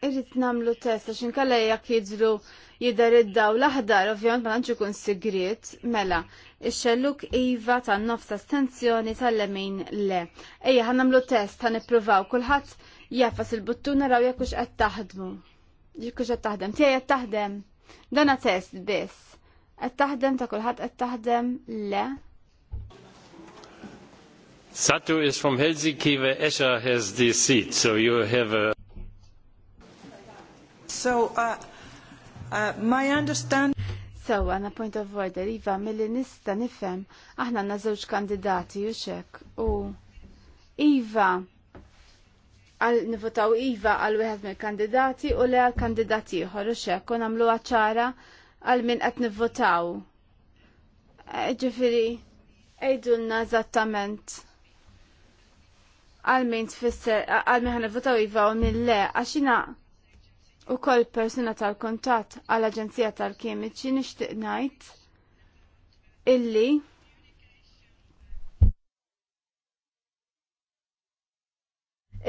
Irrit namlu test, għax inkalla jekk jidru jidher id-daw l-aħdar, ovvjament ma tantx ikun sigriet, mela, iċċelluk xelluk iva tan-nofs astenzjoni tal-lemin le. Ejja għan namlu test, ħan ippruvaw kulħadd jafas il-buttuna raw jekk hux taħdmu. Jekk hux qed taħdem, tiegħi taħdem. Dana test biss. Qed taħdem ta' kulħadd qed taħdem le. Satu is from Helsinki where Escher has the seat, so you have a... So, uh, uh, my understand... So, għana point of order, Iva, mill nista nifem, aħna għanna zewġ kandidati, u xek, u Iva, għal nivotaw Iva għal wieħed mill kandidati u le għal kandidati ieħor u xek, u namlu għacċara għal min qed nivvotaw. Eh, ġifiri, ejdulna eżattament għal min tfisser, għal min ħanivvotaw Iva u min le, għaxina u koll persuna tal-kontat għal aġenzija tal-kemiċi nixtieq ngħid illi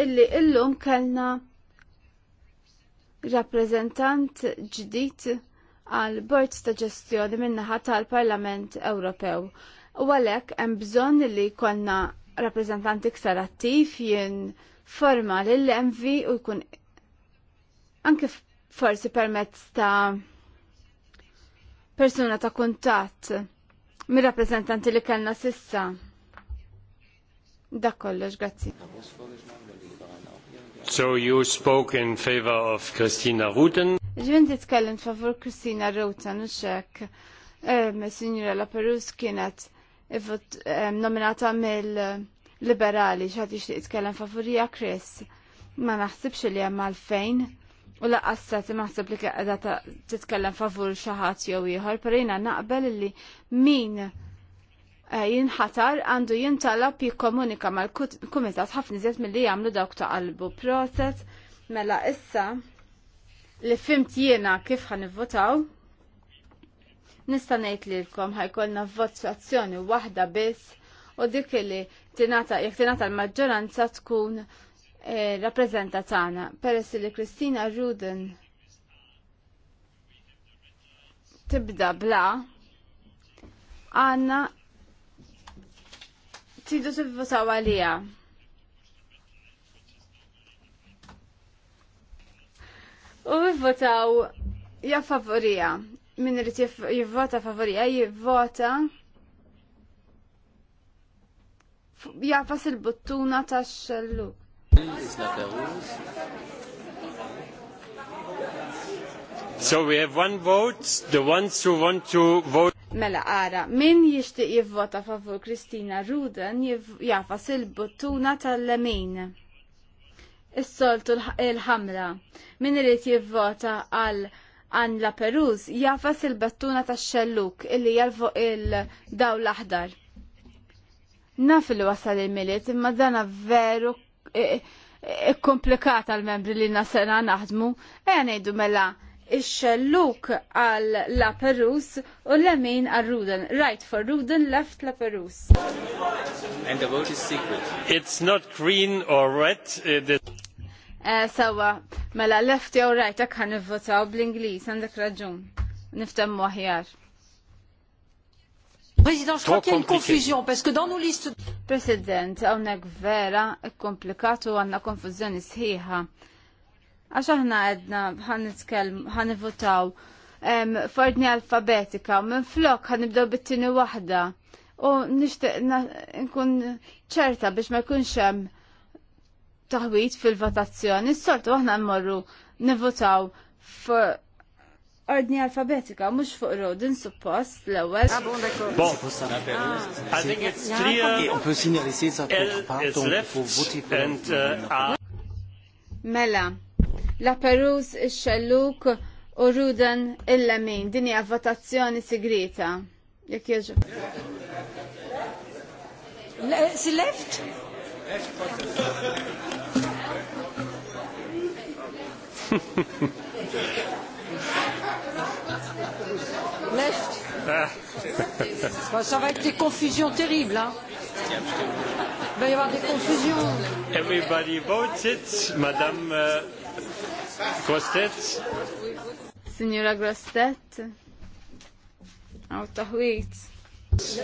illi illum kellna rappreżentant ġdid għal bord ta' ġestjoni min-naħa tal-Parlament Ewropew. U għalhekk hemm bżonn li jkollna rappreżentanti iktar attiv jien forma lill-MV u jkun anke forsi permezz ta' persuna ta' kuntatt mir rappresentanti li kellna sissa. Dak kollox, grazzi. So you spoke in favor of Christina Ruten? Ġvien tkellem favur Christina Ruten u xek. Signora La Perus kienet nominata mill-liberali xħat ixtiq titkellem favorija Chris. Ma naħsibx li hemm għalfejn U laqqassa maħseb li qiegħda titkellem favur xi ħadd jew ieħor, perina naqbel li min eh, jinħatar għandu jintalab jikkomunika mal-kumitat ħafna iżjed milli jagħmlu dawk ta' qalbu proċess. Mela issa li fimt jiena kif ħanivvotaw, nista' ngħid lilkom ħajkollna votazzjoni waħda biss u dik li tingħata jekk tingħata l-maġġoranza tkun Eh, rappresenta tagħna peress li Kristina Ruden tibda bla għanna tridu tivvotaw għalija. U vivvotaw ja favorija. Min irid jivvota favorija jivvota jafas il-buttuna ta' xellu. So we have one vote, the ones who want to vote. Mela ara, min jishtiq jivvota favur Kristina Ruden jafas il-buttuna tal-lemin. Is-soltu l-ħamra. Min irid jivvota għal għan la Peruz jafas il-battuna tax-xelluk illi jalvo il-daw l ahdar Naf li wasal il-miliet imma dana veru E, e, e, komplikata l-membri li nasena naħdmu, eja mela ix-xelluk għal la Perus u l-lemin għal Ruden. Right for Ruden, left la Perus. And the vote is secret. It's not green or red. Uh, sawa, mela left jew right ek ħan nivvotaw bl-Ingliż għandek raġun. Niftemmu aħjar. President, je crois qu'il y a une confusion, parce que dans nos listes... President, għonek vera, komplikatu għanna konfuzjoni sħiħa. Għax aħna għedna ħan nivotaw fordni alfabetika, minn flok ħan nibdow bittini wahda. U nishtiq nkun ċerta biex ma jkunx hemm taħwit fil-votazzjoni. s soltu aħna mmorru nivotaw ordni alfabetika, mux fuq rodin suppost l-ewel. Ah, bon, Mela, la Perus, il-Xelluk u Rudan il-Lamin, dinja votazzjoni segreta. Jek jieġu. Si left? Left. Left. bah, ça va être des confusions terribles. Hein. Il va y avoir des confusions. Everybody votes it, Madame euh, Grostet. Signora Grostet. Out of wait. Just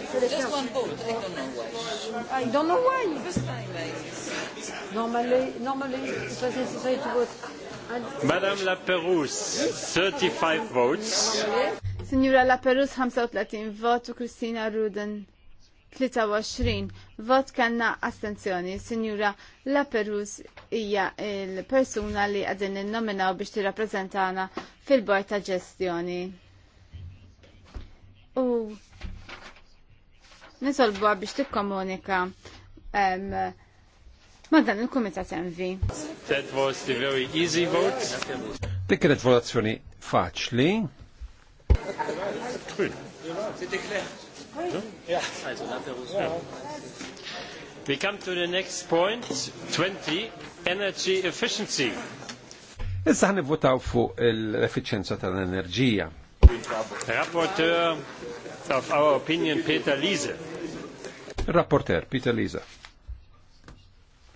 one vote, I don't know why. I ah, don't know why. Normally, normally, it's was necessary to vote. Madame Laperouse, 35 votes. Signora La Perus 35 vot u Kristina Ruden 23 vot kanna astenzjoni. Signora La Perus hija il-persuna li għadin il-nominaw biex tirrappreżentana fil-bord ta' ġestjoni. U nisolbu biex tikkomunika um, ma dan il-Kumitat Envi. That was the very easy vote. Dik kienet votazzjoni faċli. Ah, We come to the next point, 20, energy efficiency. Issa ħan votaw fuq l-efficienza tal-enerġija. Rapporteur of our opinion, Peter Liese. Rapporteur, Peter Liese.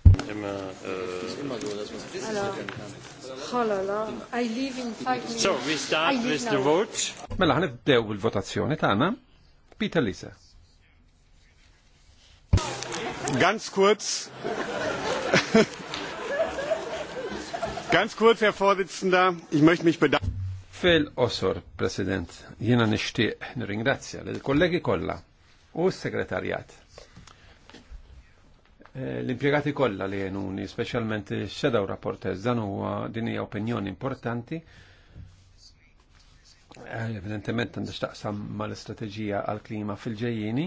Euh, Immer, äh, Oh la la, So, we start with the vote. Mela ħanibdew il-votazzjoni tagħna. Peter Lisa. Ganz kurz. Ganz kurz, Herr Vorsitzender, ich möchte mich bedanken. Fil-osor, President, jiena nixtieq nirringrazzja lill kollegi kollha u s-segretarjat Eh, l-impjegati kollha li jenuni, speċjalment xedaw rapportez, dan huwa din hija opinjoni importanti. Eh, evidentement għandix taqsam mal-istrateġija għal-klima fil-ġejjini.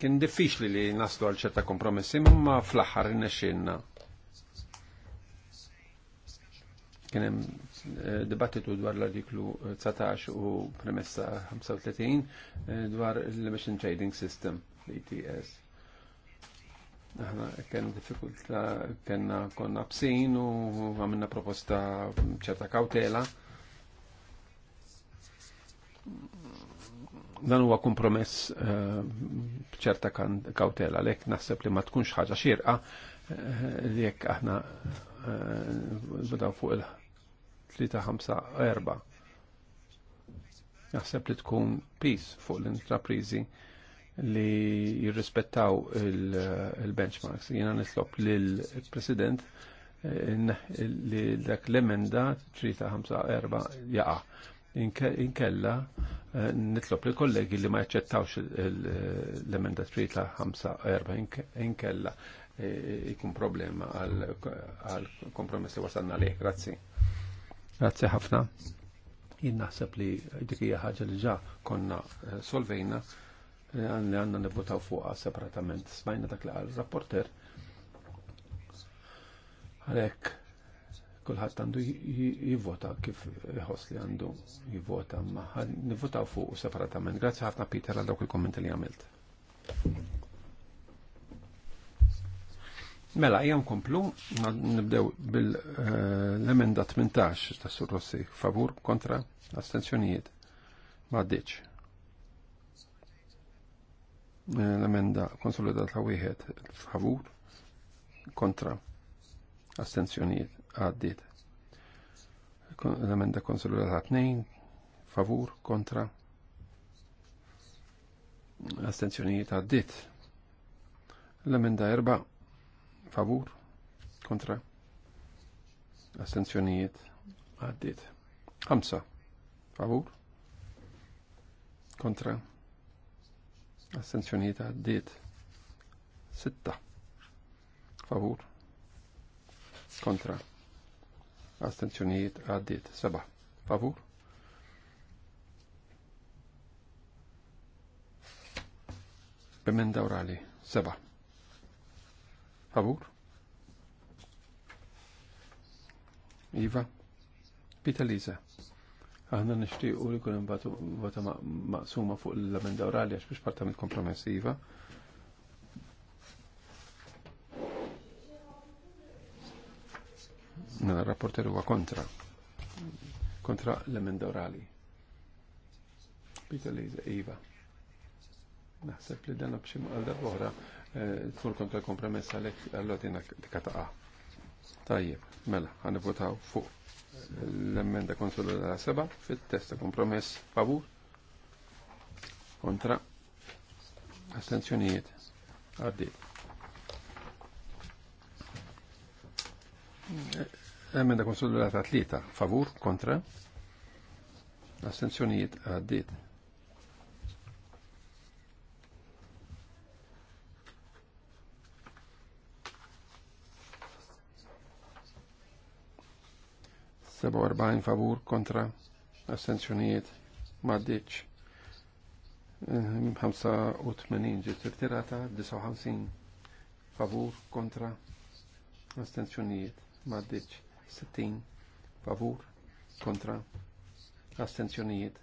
Kien diffiċli li naslu għal ċerta kompromessi, ma fl-aħħar rinnexxinna. Kien dibattitu dwar l-artiklu 19 u premessa 35 eh, dwar l-Emission Trading System, l-ETS. Aħna kena diffikulta, kena konna bsin u għamilna proposta ċerta kautela. Dan huwa kompromess eh, ċerta kautela, lek naħseb li ma tkunx ħaġa xirqa eh, li jekk aħna bdaw fuq il 354. Naħseb li tkun peace fuq l-intraprizi li jirrispettaw il-benchmarks. Jena nislop l-President eh, li dak l-emenda 354 jaqa. Inkella eh, nitlob li kollegi li ma jaċċettawx l-emenda 354 inkella eh, ikun problema għal kompromessi wasalna li. Grazzi. Grazzi ħafna. Jien naħseb li dik hija ħaġa li ġa konna eh, solvejna eh, li għandna nibbutaw fuqha separatament. Smajna dak li għal-rapporter. għalhekk kulħadd għandu jivvota kif iħoss li għandu jivvota, ma nivvotaw fuq separatament. Grazzi ħafna Peter għal dawk il-kommenti li għamilt. Mela, jgħam komplu, nibdew bil-emenda 18 ta' Surrossi, favur kontra astenzjonijiet. Ma' ditx. Eh, l-emenda konsolidat la' wieħed favur kontra astenzjonijiet għaddit. L-emenda konsolidat 2 favur kontra astenzjonijiet għaddit. L-emenda erba' favur, kontra, astenzjonijiet, għaddit. Hamsa, favur, kontra, astenzjonijiet għaddit. Sitta, favur, kontra, astenzjonijiet għaddit. Seba, favur, b'emenda orali, seba' Favur. Iva. Pita Lisa. Aħna u li kunem bata maqsuma fuq l-amenda orali għax biex parta mit kompromess Iva. Nara mela, rapporteru huwa kontra. Kontra l-amenda orali. Pita Lisa, Iva. Naħseb li dan għabxim għal darba Tkun kontra kompromess għalek għallotina dikataqa. Tajje, mela, għan votaw fuq l-emmenda konsolu konsolidata seba' fit-testa kompromess favur kontra astenzjonijiet għaddit. Emmenda konsolu konsolidata tlita, favur kontra astenzjonijiet għaddit. 47 favur kontra astenzjonijiet maddiċ 85 ehm, ġiet irtirata 59 favur kontra astenzjonijiet maddiċ 60 favur kontra astenzjonijiet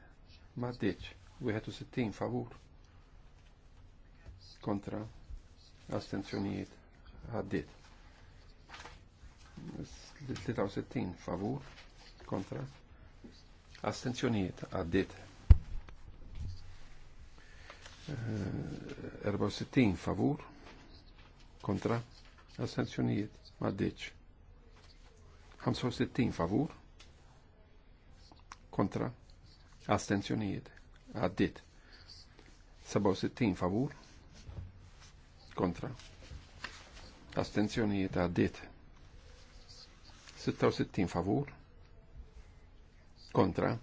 maddiċ 61 favur kontra astenzjonijiet għaddit 63 favur kontra astenzjonijiet għaddit 64 eh, favur kontra astenzjonijiet għaddit. 65 favur kontra astenzjonijiet għaddit 67 favur kontra astenzjonijiet għaddit 66 favur kontra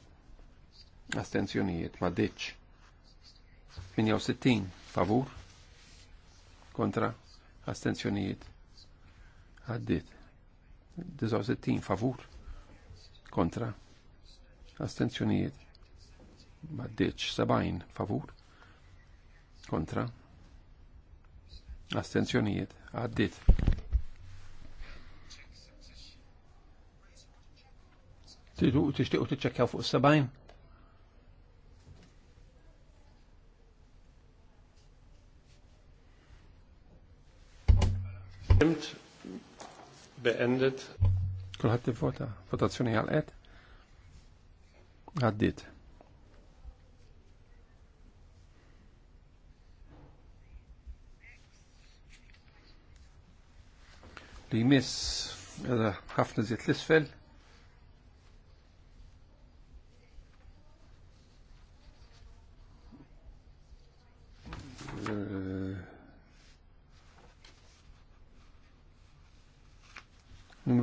astenzjonijiet ma ditx 68 favur kontra astenzjonijiet għaddit 69 favur kontra astenzjonijiet ma ditx 70 favur kontra astenzjonijiet għaddit Tidu u Tridu tixtiequ tiċċekkjaw fuq s sebgħin Imt beendet. Kulħat Kulħadd vota votazzjoni għal għalqet. Għaddit. Li jmiss eh, ħafna ziet l-isfel.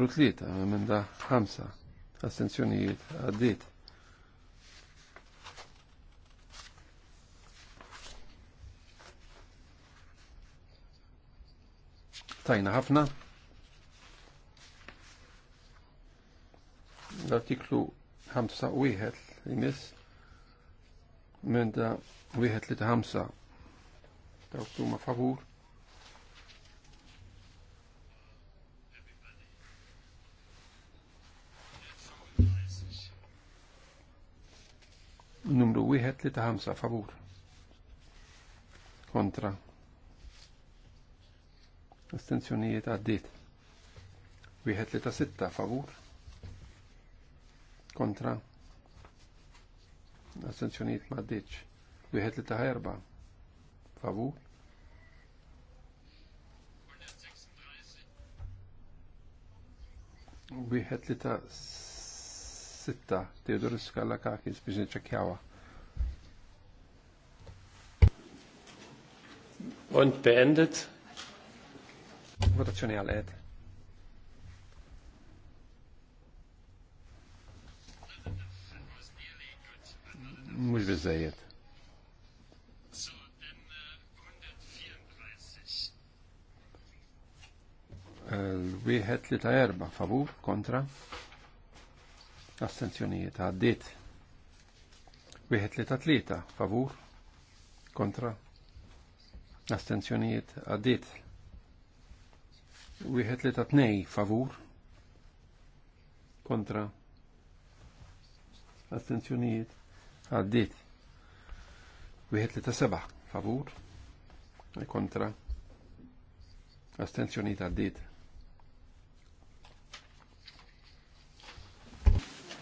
numru 3, da 5, astenzjonijiet għaddit. Tajna ħafna. L-artiklu 5 wieħed jmiss minn da wieħed li ta' ħamsa. Dawk ma favur numru 1 li ta' 5 favur. Kontra. Astenzjonijiet għaddit. 1 li ta' 6 favur. Kontra. Astenzjonijiet ma' għaddiċ. 1 li ta' 4 favur. Wieħed li ta' sitta Teodorus Kallakakis biex neċekjawa. Und beendet. Votazzjoni għal qed. Mhux biżejjed. l-wieħed li ta' erba' favur kontra Astenzjonijiet għaddit. Wieħed li ta' tlieta favur kontra. Astenzjonijiet għaddit. Wieħed li ta' tnej favur kontra. Astenzjonijiet għaddit. Wieħed li ta' seba' favur kontra. Astenzjonijiet għaddit.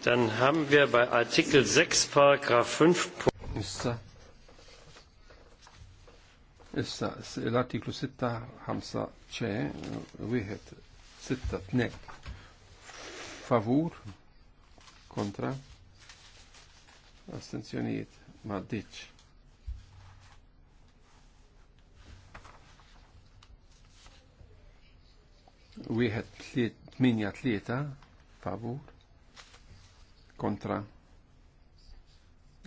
Dann haben wir bei Artikel 6, Paragraph 5. Issa. Issa, l-artiklu 6, ċe, wieħed 6, 2. Favur, kontra, astenzjonijiet, ma ditx. Wieħed 8, 3, favur, kontra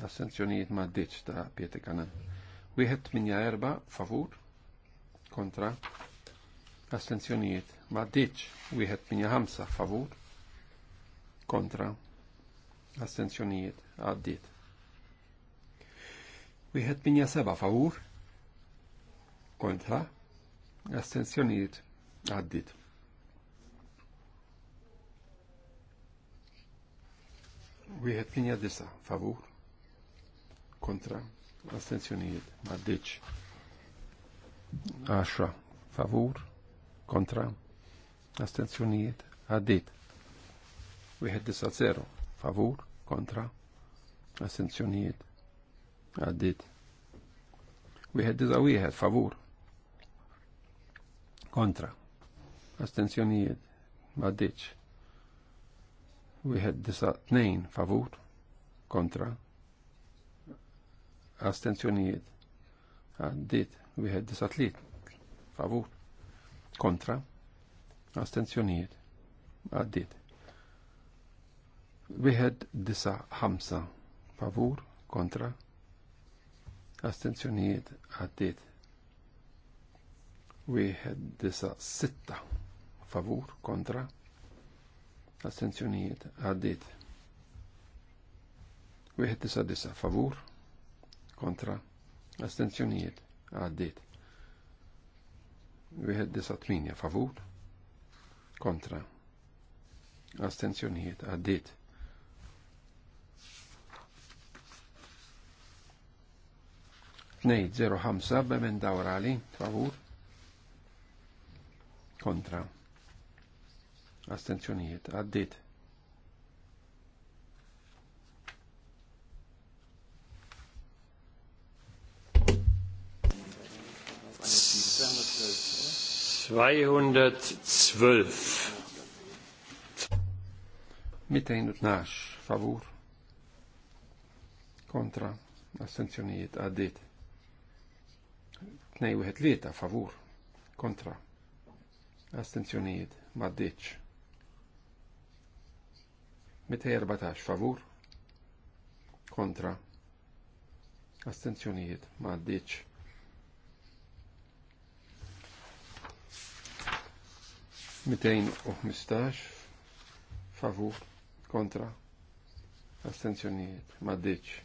assenzjonijiet ma' ditx ta' Pieti Kanan. Wieħed minja erba favur kontra assenzjonijiet ma' ditx. Wieħed minja ħamsa favur kontra assenzjonijiet għaddit. Wieħed minja seba favur kontra assenzjonijiet għaddit. Wieħed kien jadisa, favur, kontra, astenzjonijiet, maddiċ. 10, favur, kontra, astenzjonijiet, għaddit. Wieħed disa zero. favur, kontra, astenzjonijiet, għaddit. Wieħed disa wieħed, favur, kontra, astenzjonijiet, maddiċ. Wieħed disa tnejn favur kontra astenzjonijiet għaddit wieħed disa tliet favur kontra astenzjonijiet għaddit wieħed disa ħamsa favur kontra astenzjonijiet għaddit wieħed disa sitta favur kontra Astenzjonijiet għaddit. 199 favur kontra astenzjonijiet għaddit. 198 favur kontra astenzjonijiet għaddit. Nej, 05 b'emenda orali favur kontra astenzjonijiet għaddit. Zweihundertzwölf. 212 favur kontra astenzjonijiet għaddit 2 favur kontra astenzjonijiet maddiċ 214 favur kontra astenzjonijiet ma għaddiċ. Mitejn u ħmistax favur kontra astenzjonijiet ma għaddiċ.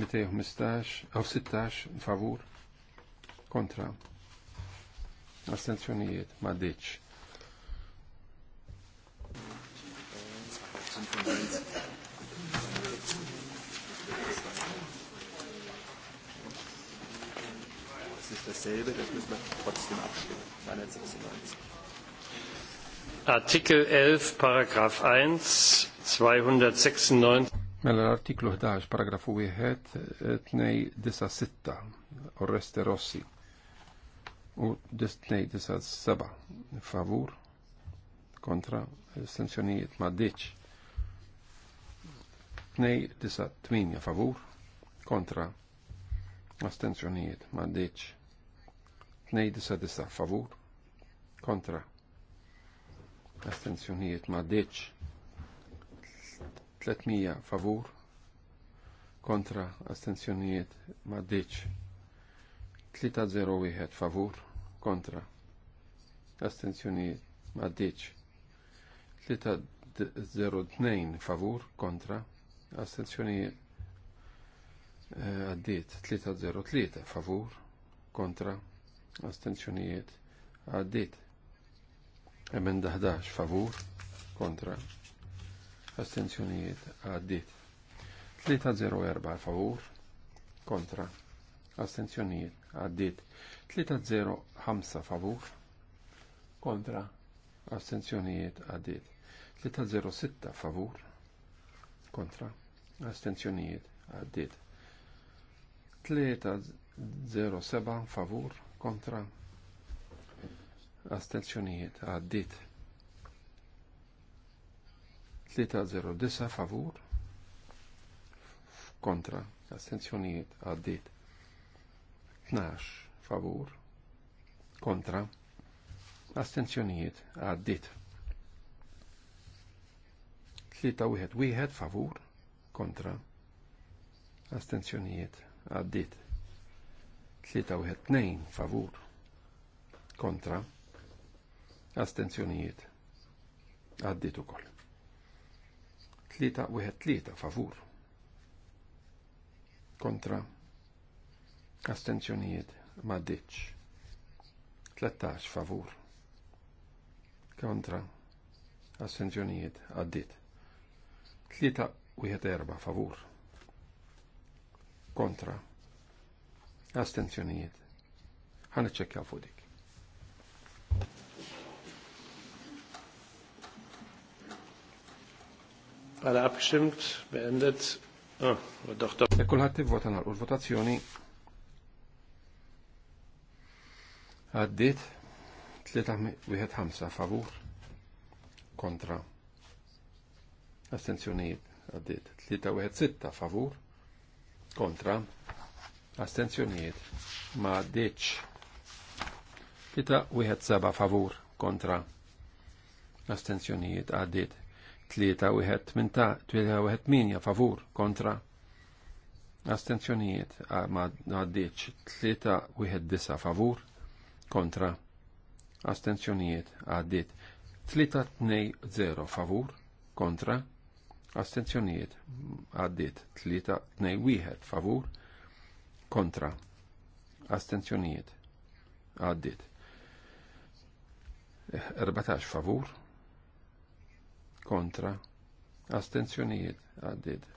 Mitejn u u sittax favur kontra astenzjonijiet ma għaddiċ. Das ist dasselbe, das müssen wir trotzdem abstimmen. 296. Artikel 11, Paragraph 1, 296. Mela artiklu 11, paragrafu 1, 296, Oreste Rossi. U 297, favur, kontra, sanzjonijiet ma' deċ. 298 favur kontra astenzjonijiet maddiċ 299 favur kontra astenzjonijiet deċ 300 favur kontra astenzjonijiet maddiċ 301 favur kontra astenzjonijiet zero 302 favur kontra astenzjonijiet eh, għaddiet 3-0-3 favur kontra astenzjonijiet għaddiet emmen 11 favur kontra astenzjonijiet għaddiet 3-0-4 favur kontra astenzjonijiet għaddiet 3-0-5 favur kontra astenzjonijiet għaddiet 3-0-6 favur kontra astenzjonijiet għaddit. 3-0-7 favur kontra astenzjonijiet għaddit. 3-0-9 favur kontra astenzjonijiet għaddit. 12 favur kontra astenzjonijiet għaddit. 3 1 favur kontra astenzjonijiet għaddit 3-2 favur kontra astenzjonijiet għaddit u koll 3-1-3 favur kontra astenzjonijiet maddiċ 13 favur kontra astenzjonijiet għaddit 3 Wieħed erba' favur. Kontra. Astenzjonijiet. Ħan iċċekkjaw fuq dik. Għala abximt, beendet. Ah, doktor. E kullħat votazzjoni għaddit 3-1-5 favur kontra astenzjonijiet għaddit 3-1-6 favur kontra astenzjonijiet ma għaddiċ 7 favur kontra astenzjonijiet għaddit 3-1-8 favur kontra astenzjonijiet ma għaddiċ 9 favur kontra astenzjonijiet għaddit 3-2-0 favur kontra astenzjonijiet għaddit 3-2-1 favur kontra astenzjonijiet għaddit 14 eh, favur kontra astenzjonijiet għaddit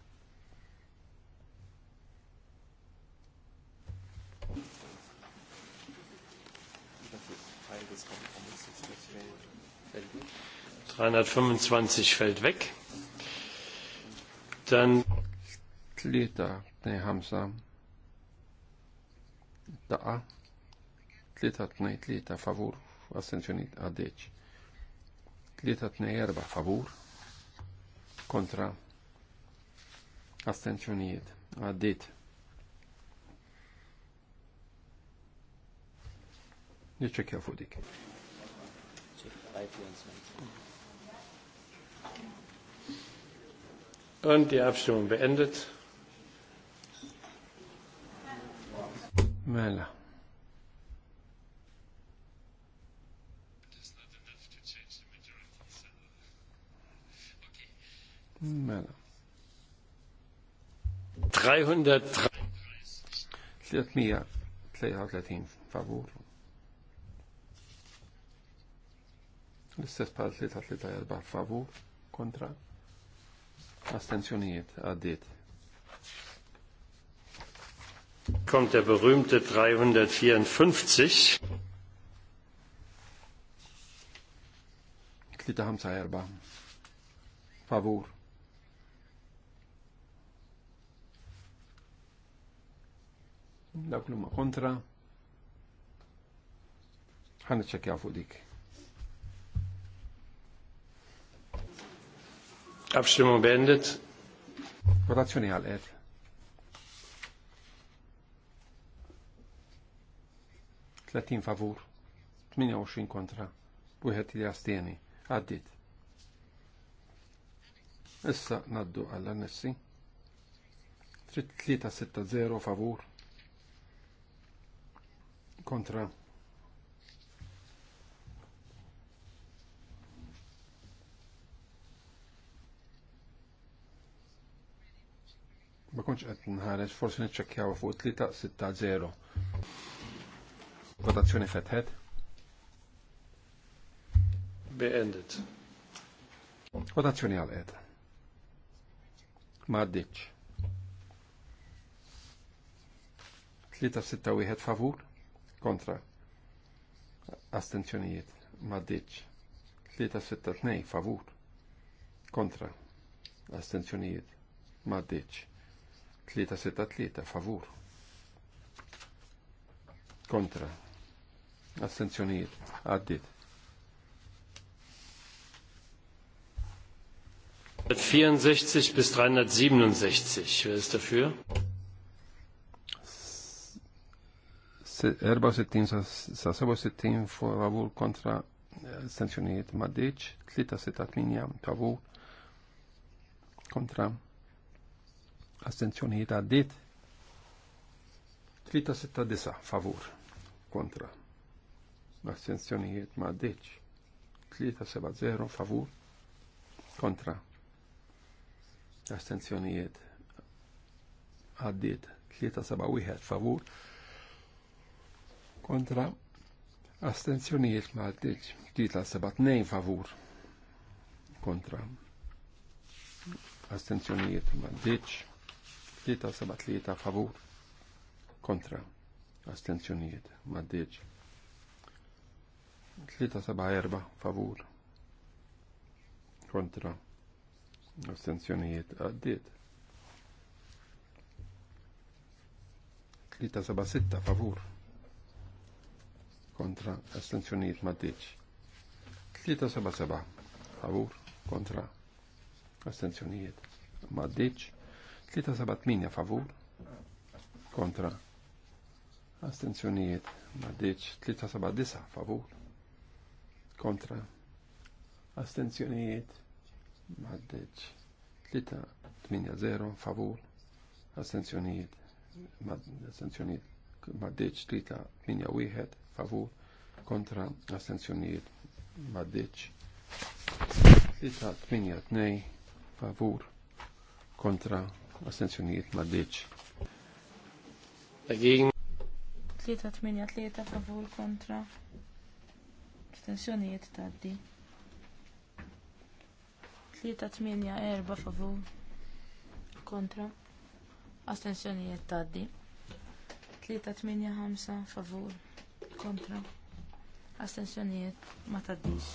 għaddiet Dreihundertfünfundzwanzig fällt weg dan Tlieta, tnej ħamsa. Daqa. Tlieta, tnej, tlieta, favur. Astenzjoniet għaddeċ. Tlieta, tnej, erba, favur. Kontra. Astenzjoniet għaddit. Nitċekja fuq dik. Und die Abstimmung beendet. Mela. Mela. 333 favur. L-istess pal 334 favur kontra. Astenzjonijiet għaddiet. Kommt der berühmte 354. 354. Favur. Dawk kontra. Ħanna ċekjaw fuq dik. Abstimmung beendet. Votazzjoni għal-et. Tletin favur, 28 kontra, u li għastieni. għaddit. Issa naddu għall-annessi. 3-6-0 favur kontra Ma konċ qed nħares, forsi niċċekkjaw fuq 3-6-0. Votazzjoni fetħet. Beendet. Votazzjoni għal-qed. Ma għaddiċ. 3-6-1 favur, kontra. Astenzjonijiet, ma għaddiċ. 3-6-2 favur, kontra. Astenzjonijiet, ma għaddiċ. 363 favur. Kontra. Astenzjonijiet. Għaddit. 64 bis 367. Wer ist dafür? 64 sa 67 favur kontra astenzjonijiet maddiċ, 368 favur kontra Astenzjonijiet għaddit. 369 favur kontra. Astenzjonijiet ma għaddit. 370 favur kontra. Astenzjonijiet għaddit. 371 favur kontra. Astenzjonijiet ma għaddit. 372 favur kontra astenzjonijiet ma għaddit. 373 favur kontra astenzjonijiet maddiċ erba, favur kontra astenzjonijiet għaddiet 376 favur kontra astenzjonijiet maddiċ 377 favur kontra astenzjonijiet maddiċ 378 favur kontra astenzjonijiet ma maddiċ 379 favur kontra astenzjonijiet ma maddiċ 380 favur astenzjonijiet ma astenzjonijiet ma maddiċ 381 favur kontra astenzjonijiet ma maddiċ 382 favur kontra astenzjonijiet ma ddiċ. Dagin. 3-8-3 favur kontra. Astenzjonijiet taddi. 3-8-4 favur kontra. Astenzjonijiet taddi. 3-8-5 favur kontra. Astenzjonijiet ma taddix.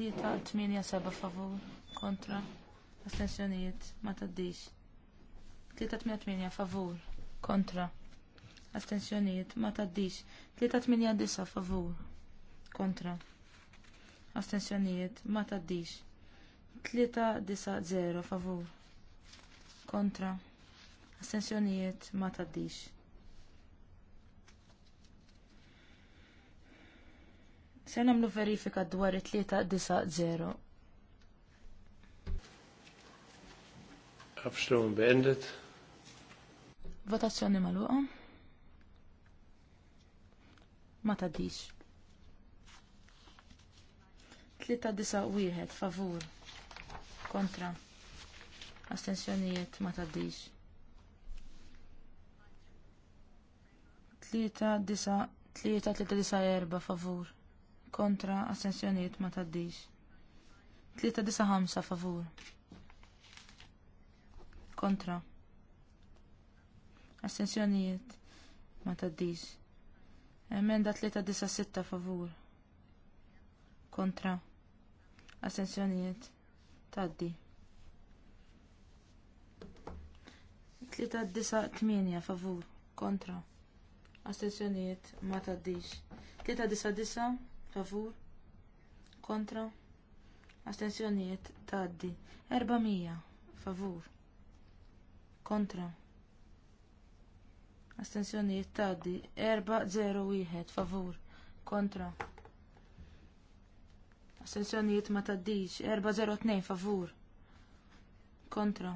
tlieta tminja seba' favur kontra astensjonijiet ma taddix. 388 favur kontra astensjonijiet ma taddix. 389 favur kontra astensjonijiet ma taddix. 390 favur kontra astensjonijiet ma taddix. Se nagħmlu verifika dwar it 0. Abstimmung beendet. Votazzjoni maluqa. Ma tadix. wieħed favur kontra astensjonijiet ma tadix. erba favur kontra astensjonijiet ma tadix. 395 favur kontra astensjonijiet ma taddix emenda 3-9-6 favur kontra astensjonijiet taddi 398 favur kontra astensjonijiet ma taddix 9 favur kontra astensjonijiet taddi 400 favur kontra astensjonijiet tgħaddi 1 favur kontra astensjonijiet ma taddix 2 favur kontra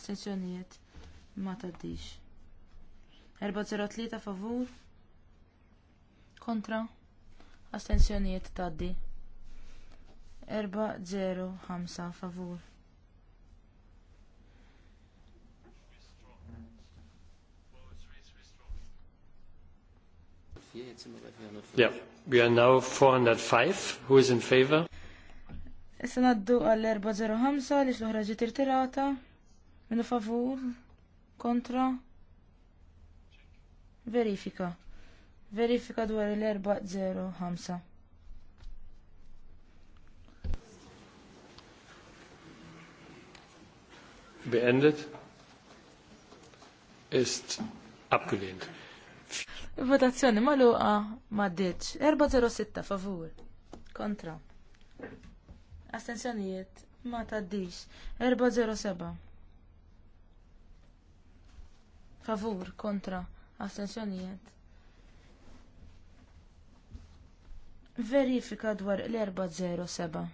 astensjonijiet ma 0 3 favur kontra astensjonijiet tgħaddi 5 favur Yeah, we are now 405. Who is in favor? Issa naddu għall-405 li Minu favur, kontra, verifika. Verifika dwar l-405. Beendet ist abgelehnt. Votazzjoni maluqa ma ddiċ. 406 favur. Kontra. Astenzjonijiet ma taddix. 407. Favur, kontra. Astenzjonijiet. Verifika dwar l-407.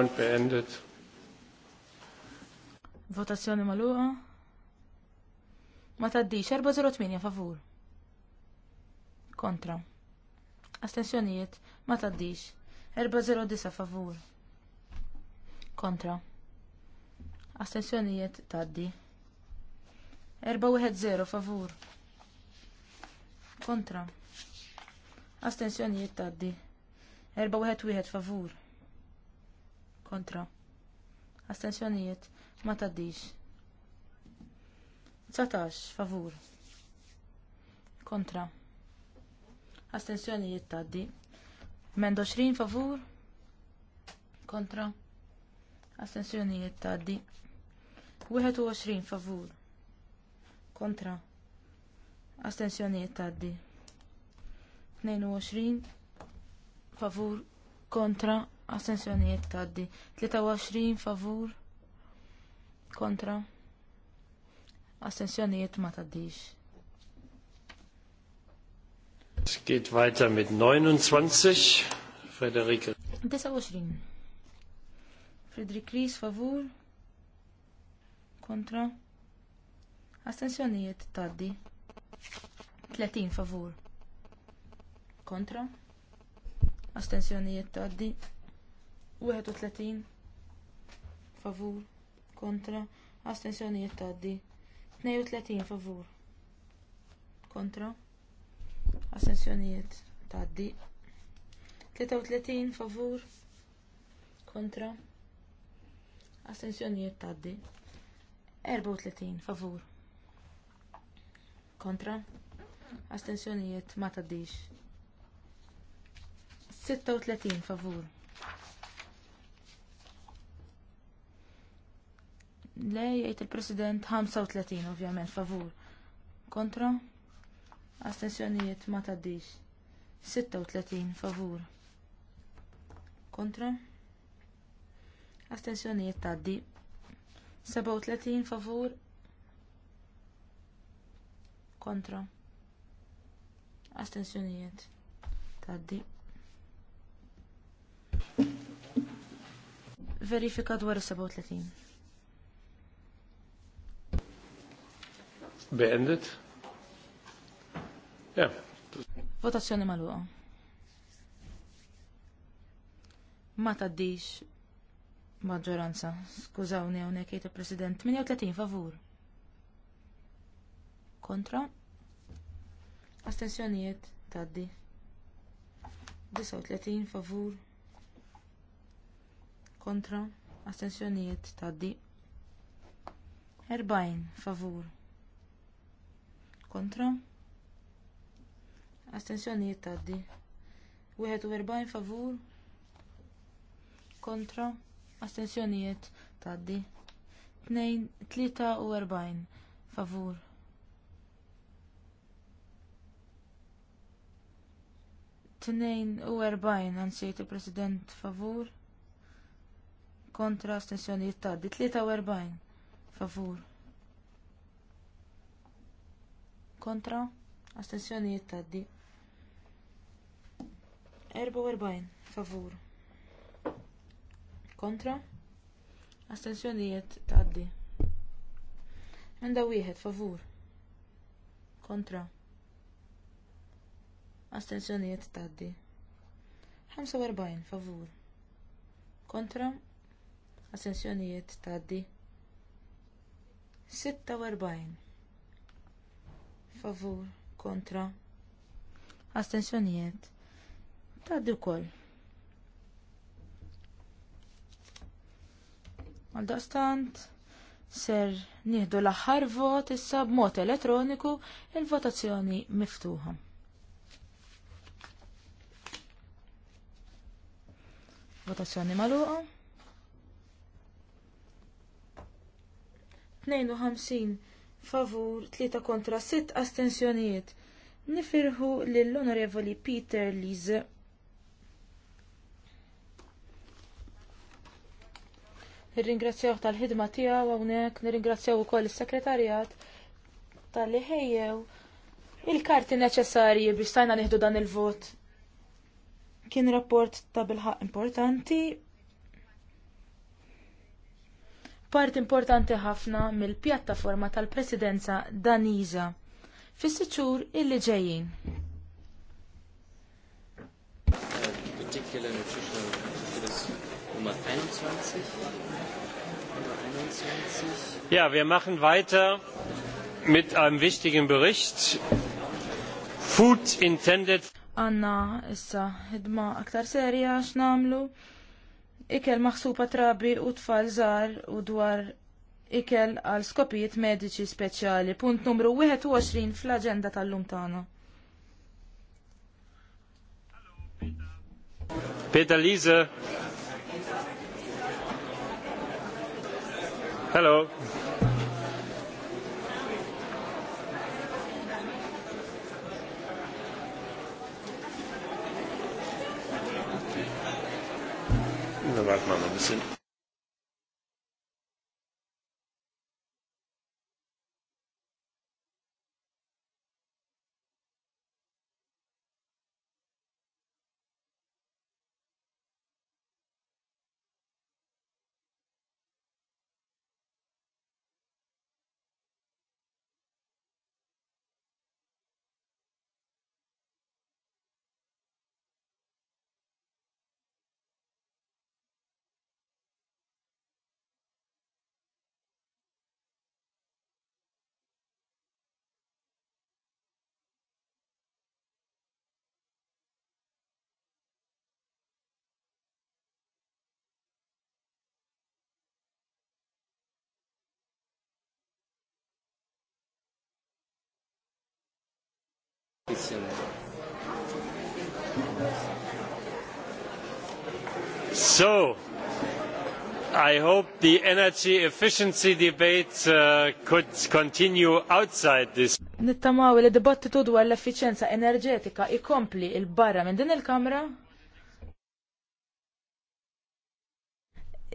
Und beendet. Votazzjoni maluqa. Ma taddix 408 favur. Kontra. Astensjonijiet ma taddix 409 favur. Kontra. Astensjonijiet taddi. 410 favur. Kontra. Astensjonijiet taddi. 411 favur. Kontra. Astensjonijiet ma taddix 19 favur kontra astensjonijiet taddi mend 20 favur kontra astensjonijiet taddi 21 favur kontra astensjonijiet taddi 22 favur kontra astensjonijiet taddi 23 favur kontra Astensjonijiet ma taddix. Es geht weiter mit 29. Frederike. 29. Frederik Ries, favur. Kontra. Astensjonijiet taddi. 30 favur. Kontra. Astensjonijiet taddi. 31 favur. Kontra. Astensjonijiet taddi. 32 favur kontra assenzjonijiet taddi 33 favur kontra assenzjonijiet taddi 34 favur kontra astensjonijiet ma taddix 36 favur Lej jgħid il-President 35 ovvjament favur. Kontra? Astensjonijiet ma taddix. 36 favur. Kontra? Astensjonijiet taddi. 37 favur. Kontra? Astensjonijiet taddi. Verifika dwar 37. beendet. Ja. Votazzjoni maluqa. Ma taddix maġġoranza. Skużawni hawnhekk jgħet il-President. 38 favur. Kontra. Astensjonijiet taddi. 39 favur. Kontra. Astensjonijiet taddi. 40 favur kontra astensjonijiet taddi 41 favur kontra astensjonijiet taddi 43 favur Tnejn u erbajn għansijt il-President favur kontra astensjonijiet taddi 43 favur kontra astensjonijiet taddi 44 favur kontra astensjonijiet taddi Menda wieħed favur kontra astensjonijiet taddi 45 favur kontra astensjonijiet taddi 46 favur kontra astensjonijiet di wkoll. Għaldaqstant ser nieħdu l-aħħar vot issa b'mod elettroniku il-votazzjoni miftuħa. Votazzjoni magħluqa. 52 favur, 3 kontra 6 astensjonijiet. Nifirħu lill-Onorevoli Peter Lise. Nirringrazzjaw tal-ħidma tiegħu hawnhekk, nirringrazzjaw ukoll is-sekretarjat tal-li ħejjew il-karti neċessarji biex tajna nieħdu dan il-vot. Kien rapport ta' bilħaq importanti part importanti ħafna mill-pjattaforma tal-presidenza Daniża fis-siċur illi ġejjin. Ja, wir machen weiter mit einem wichtigen Bericht. Food intended. Anna, issa, ħidma aktar serja x'namlu ikel maħsuba trabi u tfal żgħar u dwar ikel għal skopijiet mediċi speċjali. Punt numru 21 fl-aġenda tal-lum tagħna. Peter Lise. Hello. ma' wir mal So, I hope the energy efficiency debate uh, could continue outside this. Nittamaw li dibattitu dwar l-effiċenza enerġetika ikompli il-barra minn din il-kamra?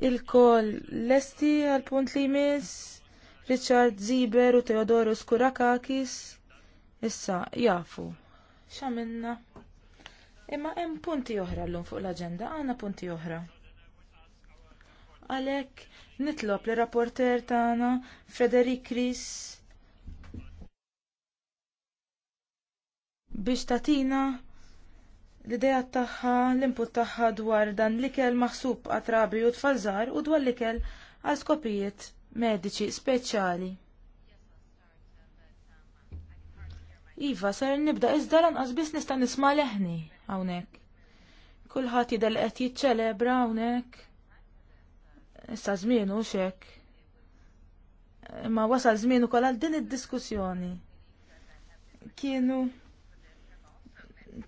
Il-kol lesti għal-punt li mis, Richard Ziber u Teodorus Kurakakis issa jafu x'għamilna. Imma hemm punti oħra llum fuq l-aġenda, għandna punti oħra. Għalhekk nitlob li rapporter tagħna Frederik Ris biex tatina l-ideja tagħha, l-input tagħha dwar dan l-ikel maħsub għatrabi u tfalżar u dwar l-ikel għal skopijiet mediċi speċjali. Iva, ser nibda iżda lanqas biss nista' nisma' leħni hawnhekk. Kulħadd jidher qed jiċċelebra hawnhekk. Issa żmien hux hekk. Imma wasal żmien ukoll għal din id-diskussjoni. Kienu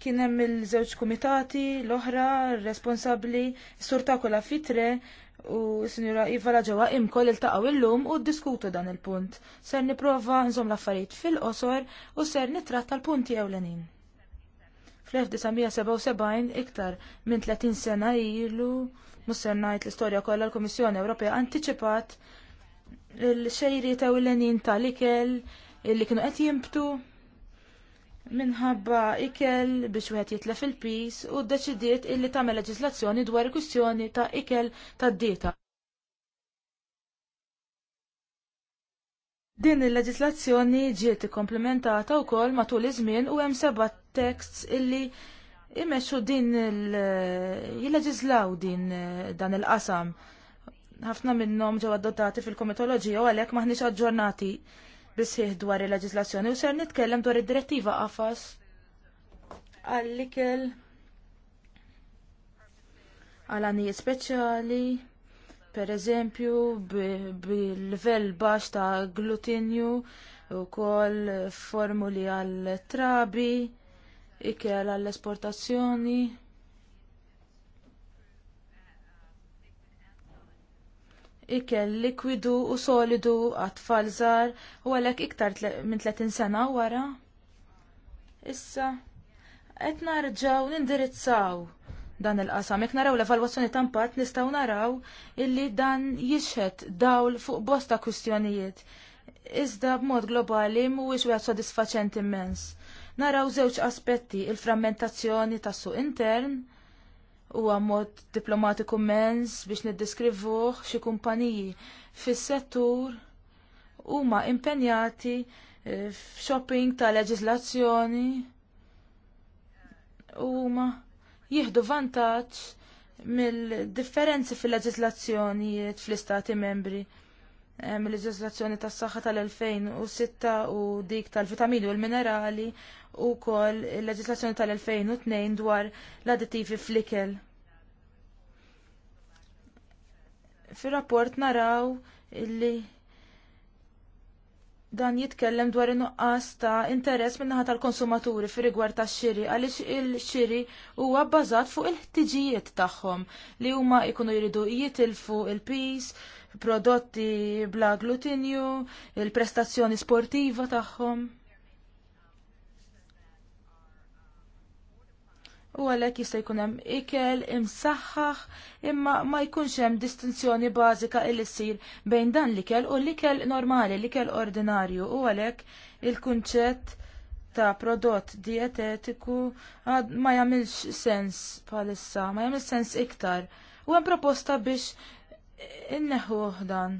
kien hemm il-żewġ kumitati l-oħra responsabbli s-surta kollha fitre u s-sinjura Iva ġewwa imkoll iltaqgħu illum u diskutu dan il-punt. Ser nipprova nżomm l-affarijiet fil-qosor u ser nitratta l-punti ewlenin fl-1977 iktar minn 30 sena ilu, musser najt l-istoria kollha l-Komissjoni Ewropea antiċipat l-xejri ta' ewlenin tal-ikel li kienu qed jimbtu minħabba ikel biex wieħed jitlef il-pis u ddeċidiet illi tagħmel leġislazzjoni dwar kwistjoni ta' ikel tad-dieta. Din il-leġislazzjoni ġiet ikkomplementata wkoll matul iż-żmien u hemm seba' texts illi imexxu din il-leġislaw din dan il-qasam. Ħafna minnhom ġew adottati fil-komitoloġija u għalhekk maħniex aġġornati bisħiħ dwar il-leġislazzjoni u ser nitkellem dwar id-direttiva qafas għall-ikel għal-għanijiet speċjali, per eżempju, bil-level baċ ta' glutinju u kol formuli għal-trabi, ikel għall-esportazzjoni. ikel likwidu u solidu għat-tfal żgħar u għalhekk iktar minn 30 sena wara. Issa qed narġaw nindirizzaw dan il-qasam. Jekk naraw l-evalwazzjoni ta' impatt nistgħu naraw illi dan jixħet dawl fuq bosta kwistjonijiet. Iżda b'mod globali mhuwiex wieħed sodisfaċenti immens. Naraw żewġ aspetti, il-frammentazzjoni tas-suq intern, huwa mod diplomatiku mens biex niddeskrivuh xi kumpaniji fis-settur huma impenjati eh, f'shopping ta' u huma jieħdu vantaġġ mill-differenzi fil-leġislazzjonijiet fl-istati membri. Eh, mill-leġislazzjoni tas-saħħa tal-2006 u dik tal-vitamini u l-minerali u kol il-leġislazzjoni tal-2002 dwar l-additivi fl-ikel. Fir-rapport naraw illi dan jitkellem dwar in-nuqqas ta' interess min-naħa tal-konsumaturi fi rigward tax xiri għaliex il-xiri huwa bbażat fuq il-ħtiġijiet tagħhom li huma jkunu jridu jitilfu il-pis, il pis prodotti bla glutinju, il-prestazzjoni sportiva tagħhom. U għalhekk jista' jkun hemm ikel imsaħħaħ imma ma jkunx hemm distinzjoni bażika li ssir bejn dan l-ikel u l-ikel normali, l-ikel ordinarju u għalhekk il-kunċett ta' prodott dietetiku ma jagħmilx sens bħalissa, ma jagħmilx sens iktar. U hemm proposta biex inneħu dan.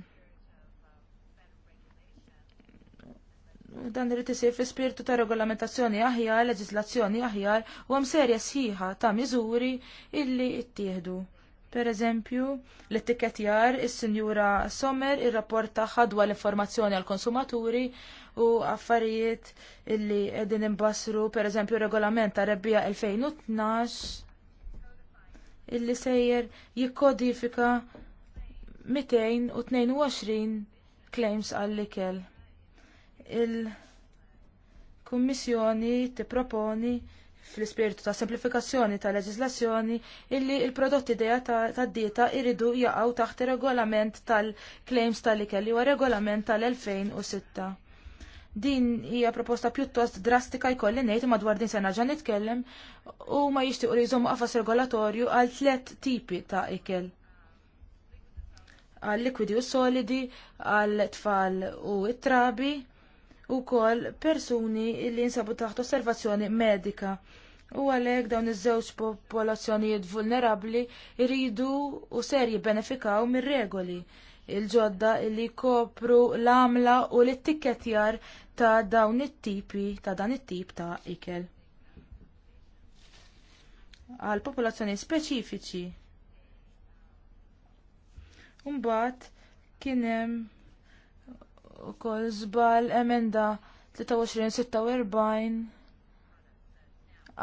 Dan irid isir fi spirtu ta' regolamentazzjoni aħjar, leġislazzjoni aħjar u hemm serja sħiħa ta' miżuri illi ttieħdu. Per eżempju, l etiketjar is-Sinjura Sommer il rapport tagħha l-informazzjoni għal konsumaturi u affarijiet illi qegħdin imbassru per eżempju regolament ta' rebbija 2012 illi sejjer jikkodifika 222 claims għall-ikel. Il-Kummissjoni tipproponi fl-ispirtu ta' semplifikazzjoni ta' leġislazzjoni illi il-prodotti dejja ta' dieta iridu jaqgħu taħt ir regolament tal-claims tal-ikel li huwa regolament tal-2006. Din hija proposta pjuttost drastika jkolli ngħid madwar din sena ġan nitkellem u ma jixtiequ li jżommu qafas regolatorju għal tliet tipi ta' ikel għal likwidi u solidi, għal tfal u trabi u kol persuni li jinsabu taħt osservazzjoni medika. U għalek dawn iż-żewġ popolazzjonijiet vulnerabli iridu u ser jibbenefikaw mir-regoli il-ġodda li kopru l-għamla u l-ittikketjar ta' dawn it-tipi ta' dan it-tip ta' ikel. Għal popolazzjoni speċifiċi Umbat kienem u kol zbal emenda 23-46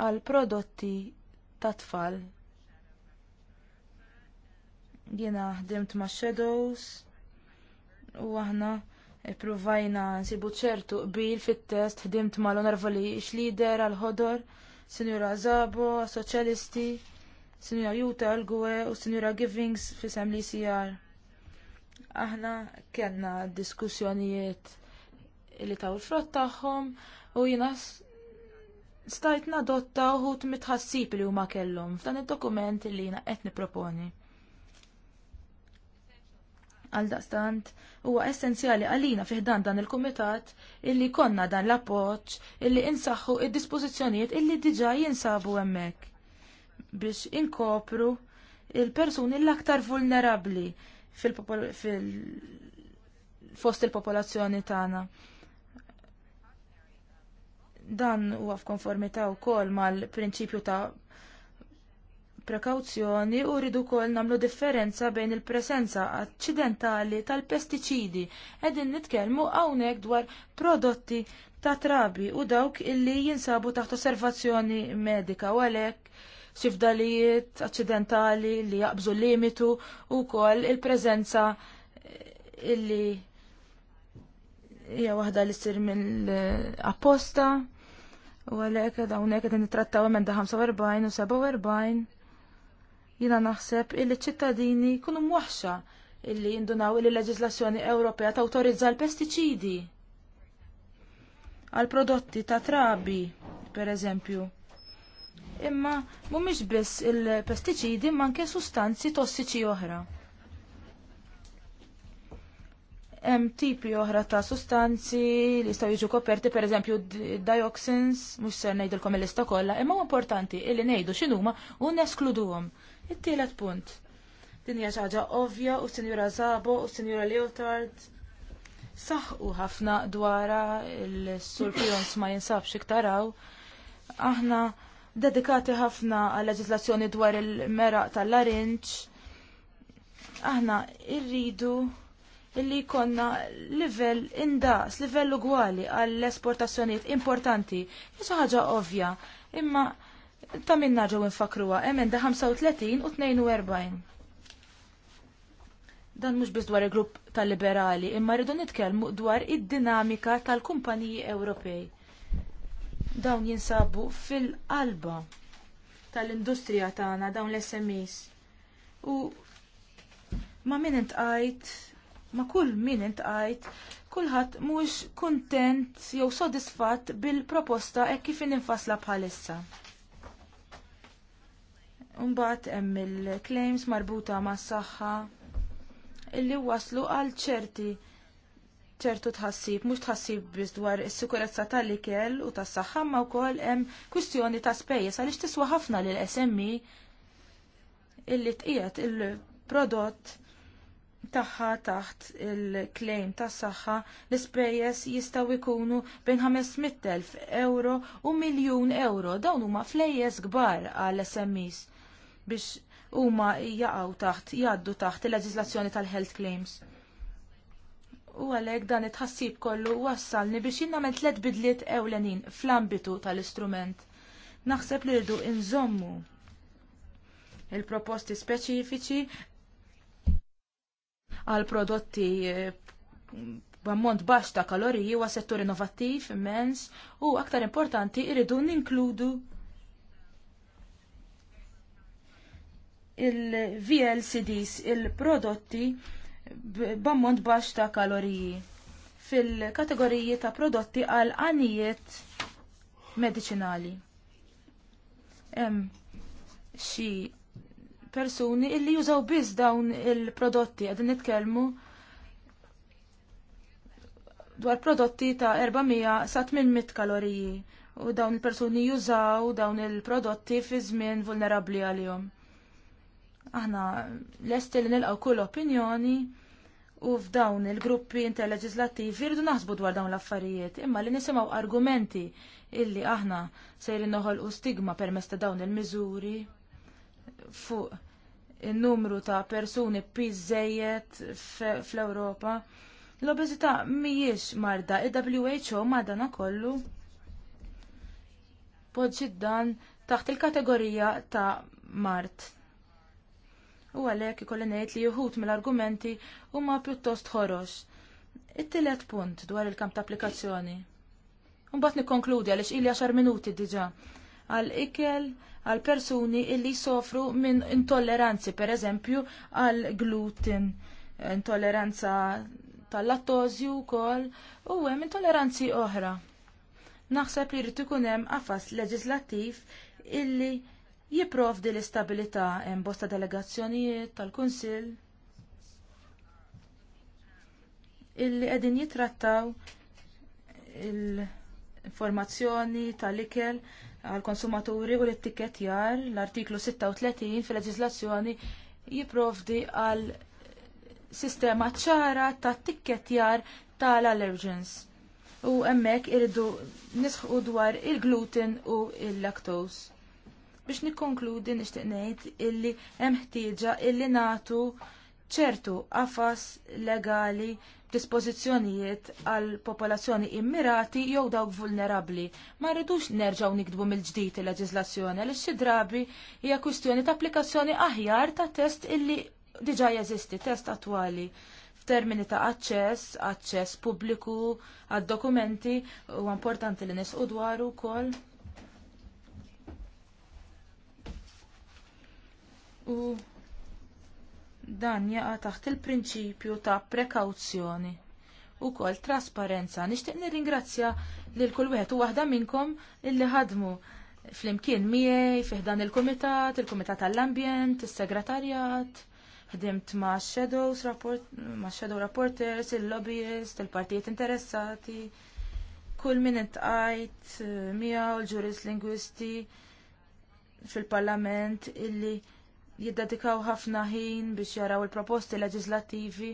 għal prodotti tat tfal. Jiena ħdimt ma' shadows u aħna provajna nsibu ċertu qbil fit-test ħdimt ma' l ix-lider għal-ħodor, Sinjura Zabo, Soċjalisti, Sinjura Juta għal-Gwe u Sinjura Givings fis sem l Aħna kellna diskussjonijiet li taw l frott tagħhom u jiena stajt nadotta uħut mitħassib li huma kellhom f'dan id-dokument li jiena qed Għal Għaldaqstant, huwa essenzjali għalina fiħdan dan il-kumitat illi konna dan l-appoġġ illi insaħħu id-dispożizzjonijiet illi diġà jinsabu hemmhekk biex inkopru il-persuni l-aktar vulnerabbli fil-fost il-popolazzjoni tagħna. Dan huwa f'konformità wkoll mal-prinċipju ta' prekawzjoni u rridu wkoll nagħmlu differenza bejn il-presenza accidentali tal-pestiċidi qegħdin nitkellmu hawnhekk dwar prodotti ta' trabi u dawk illi jinsabu taħt osservazzjoni medika u għalhekk xi accidentali aċċidentali li jaqbżu limitu u wkoll il-preżenza eh, illi hija waħda li ssir mill apposta u għalhekk dawn hekk qed nittrattaw emenda 45 u 47 jiena naħseb illi ċ-ċittadini kunu muħxa illi jindunaw illi leġislazzjoni Ewropea tawtorizza l-pestiċidi għal prodotti ta' trabi, per eżempju imma mhumiex biss il-pestiċidi ma anke sustanzi tossiċi oħra. Hemm tipi oħra ta' sustanzi li jistgħu jiġu koperti pereżempju dioxins, mhux ser ngħidilkom il-lista kollha, imma importanti illi ngħidu x'inhuma u neskluduhom. It-tielet punt. Din hija ħaġa ovvja u Sinjura Zabo u Sinjura Leotard saħqu ħafna dwara l sulfions ma jinsabx iktaraw. Aħna dedikati ħafna għal leġislazzjoni dwar il mera tal-larinċ. Aħna irridu illi jkollna livell indaqs, livell ugwali għall esportazzjonijiet importanti, xi ħaġa ovvja, imma ta' minna ġew infakruha emenda 35 u 42. Dan mhux biss dwar il-grupp tal-liberali, imma rridu nitkellmu dwar id-dinamika tal-kumpaniji Ewropej dawn jinsabu fil-qalba tal-industrija tagħna dawn l-SMEs. U ma' min intqajt, ma' kull min intqajt, kulħadd mhux kuntent jew sodisfatt bil-proposta hekk kif infasla bħalissa. Imbagħad hemm il-claims marbuta mas-saħħa illi waslu għal ċerti ċertu tħassib, mhux tħassib biss dwar is-sikurezza tal-ikel u tas-saħħa ma wkoll hemm kustjoni ta' spejjeż għaliex tiswa ħafna l SMI illi tqiegħed il-prodott tagħha taħt il-klejm tas-saħħa l-ispejjeż jistgħu jkunu bejn 500,000 euro u miljun euro dawn huma flejjeż kbar għall smis biex huma jaqgħu taħt jgħaddu taħt il-leġiżlazzjoni tal-health claims. U għalhekk dan it-ħassib kollu wassalni biex jien nagħmel tliet bidliet ewlenin fl-ambitu tal-istrument. Naħseb li rridu nżommu il-proposti speċifiċi għal prodotti b'ammont eh, baxx ta' kaloriji huwa settur innovattiv immens u aktar importanti irridu ninkludu il-VLCDs, il-prodotti b'ammont baxx ta' kaloriji fil-kategoriji ta' prodotti għal għanijiet medicinali. Hemm xi persuni illi jużaw biss dawn il-prodotti qegħdin nitkellmu dwar prodotti ta' 400 sa 800 kaloriji u dawn il-persuni jużaw dawn il-prodotti fi żmien vulnerabbli għalihom. Aħna lesti li nilqgħu kull opinjoni u f'dawn il-gruppi interleġislativi jirdu naħsbu dwar dawn l-affarijiet, imma li nisimgħu argumenti illi aħna noħol noħolqu stigma permezz ta' dawn il-miżuri fuq in-numru ta' persuni pizzejiet fl-Ewropa. l obezita mhijiex marda, il-WHO madana kollu podġiddan dan taħt il-kategorija ta' mart U għalhekk ikolli ngħid li uħud mill-argumenti huma pjuttost ħorox. It-tielet punt dwar il-kamp ta' applikazzjoni. Mbagħad nikkonkludi għaliex ili 10 minuti diġà għal ikel għal persuni illi jsofru minn intolleranzi, per eżempju għal gluten, intolleranza tal-lattozju wkoll u hemm intolleranzi oħra. Naħseb li jrid ikun hemm qafas leġislattiv illi jipprovdi l istabilita hemm bosta delegazzjonijiet tal-Kunsill illi qegħdin jitrattaw il-informazzjoni tal-ikel għall konsumaturi u l jar l-artiklu 36 fil leġiżlazzjoni jipprovdi għal sistema ċara ta' jar tal-allergens. U hemmhekk irridu nisħu dwar il-gluten u il-lactose. Biex nikkonkludi nixtieq ngħid illi hemm ħtieġa illi nagħtu ċertu qafas legali dispożizzjonijiet għal popolazzjoni immirati jew dawk vulnerabbli. Ma rridux nerġgħu nikdbu mill-ġdid il-leġiżlazzjoni għaliex xi drabi hija kwistjoni ta' applikazzjoni aħjar ta' test illi diġà jeżisti, test attwali f'termini ta' aċċess, aċċess pubbliku għad-dokumenti huwa importanti li nisqu dwaru wkoll u dan jaqa' taħt il-prinċipju ta' prekawzjoni u kol trasparenza. Nixtieq nirringrazzja lil kull wieħed u waħda minnkom illi ħadmu fl-imkien miegħi fih dan il-kumitat, il-kumitat tal-ambjent, is-segretarjat, ħdimt ma' shadows rapport, ma' shadow rapporters, il-lobbyist, il-partijiet interessati, kull min intqajt eh, miegħu l ġuris lingwisti fil-parlament illi jiddedikaw ħafna ħin biex jaraw il-proposti leġislattivi.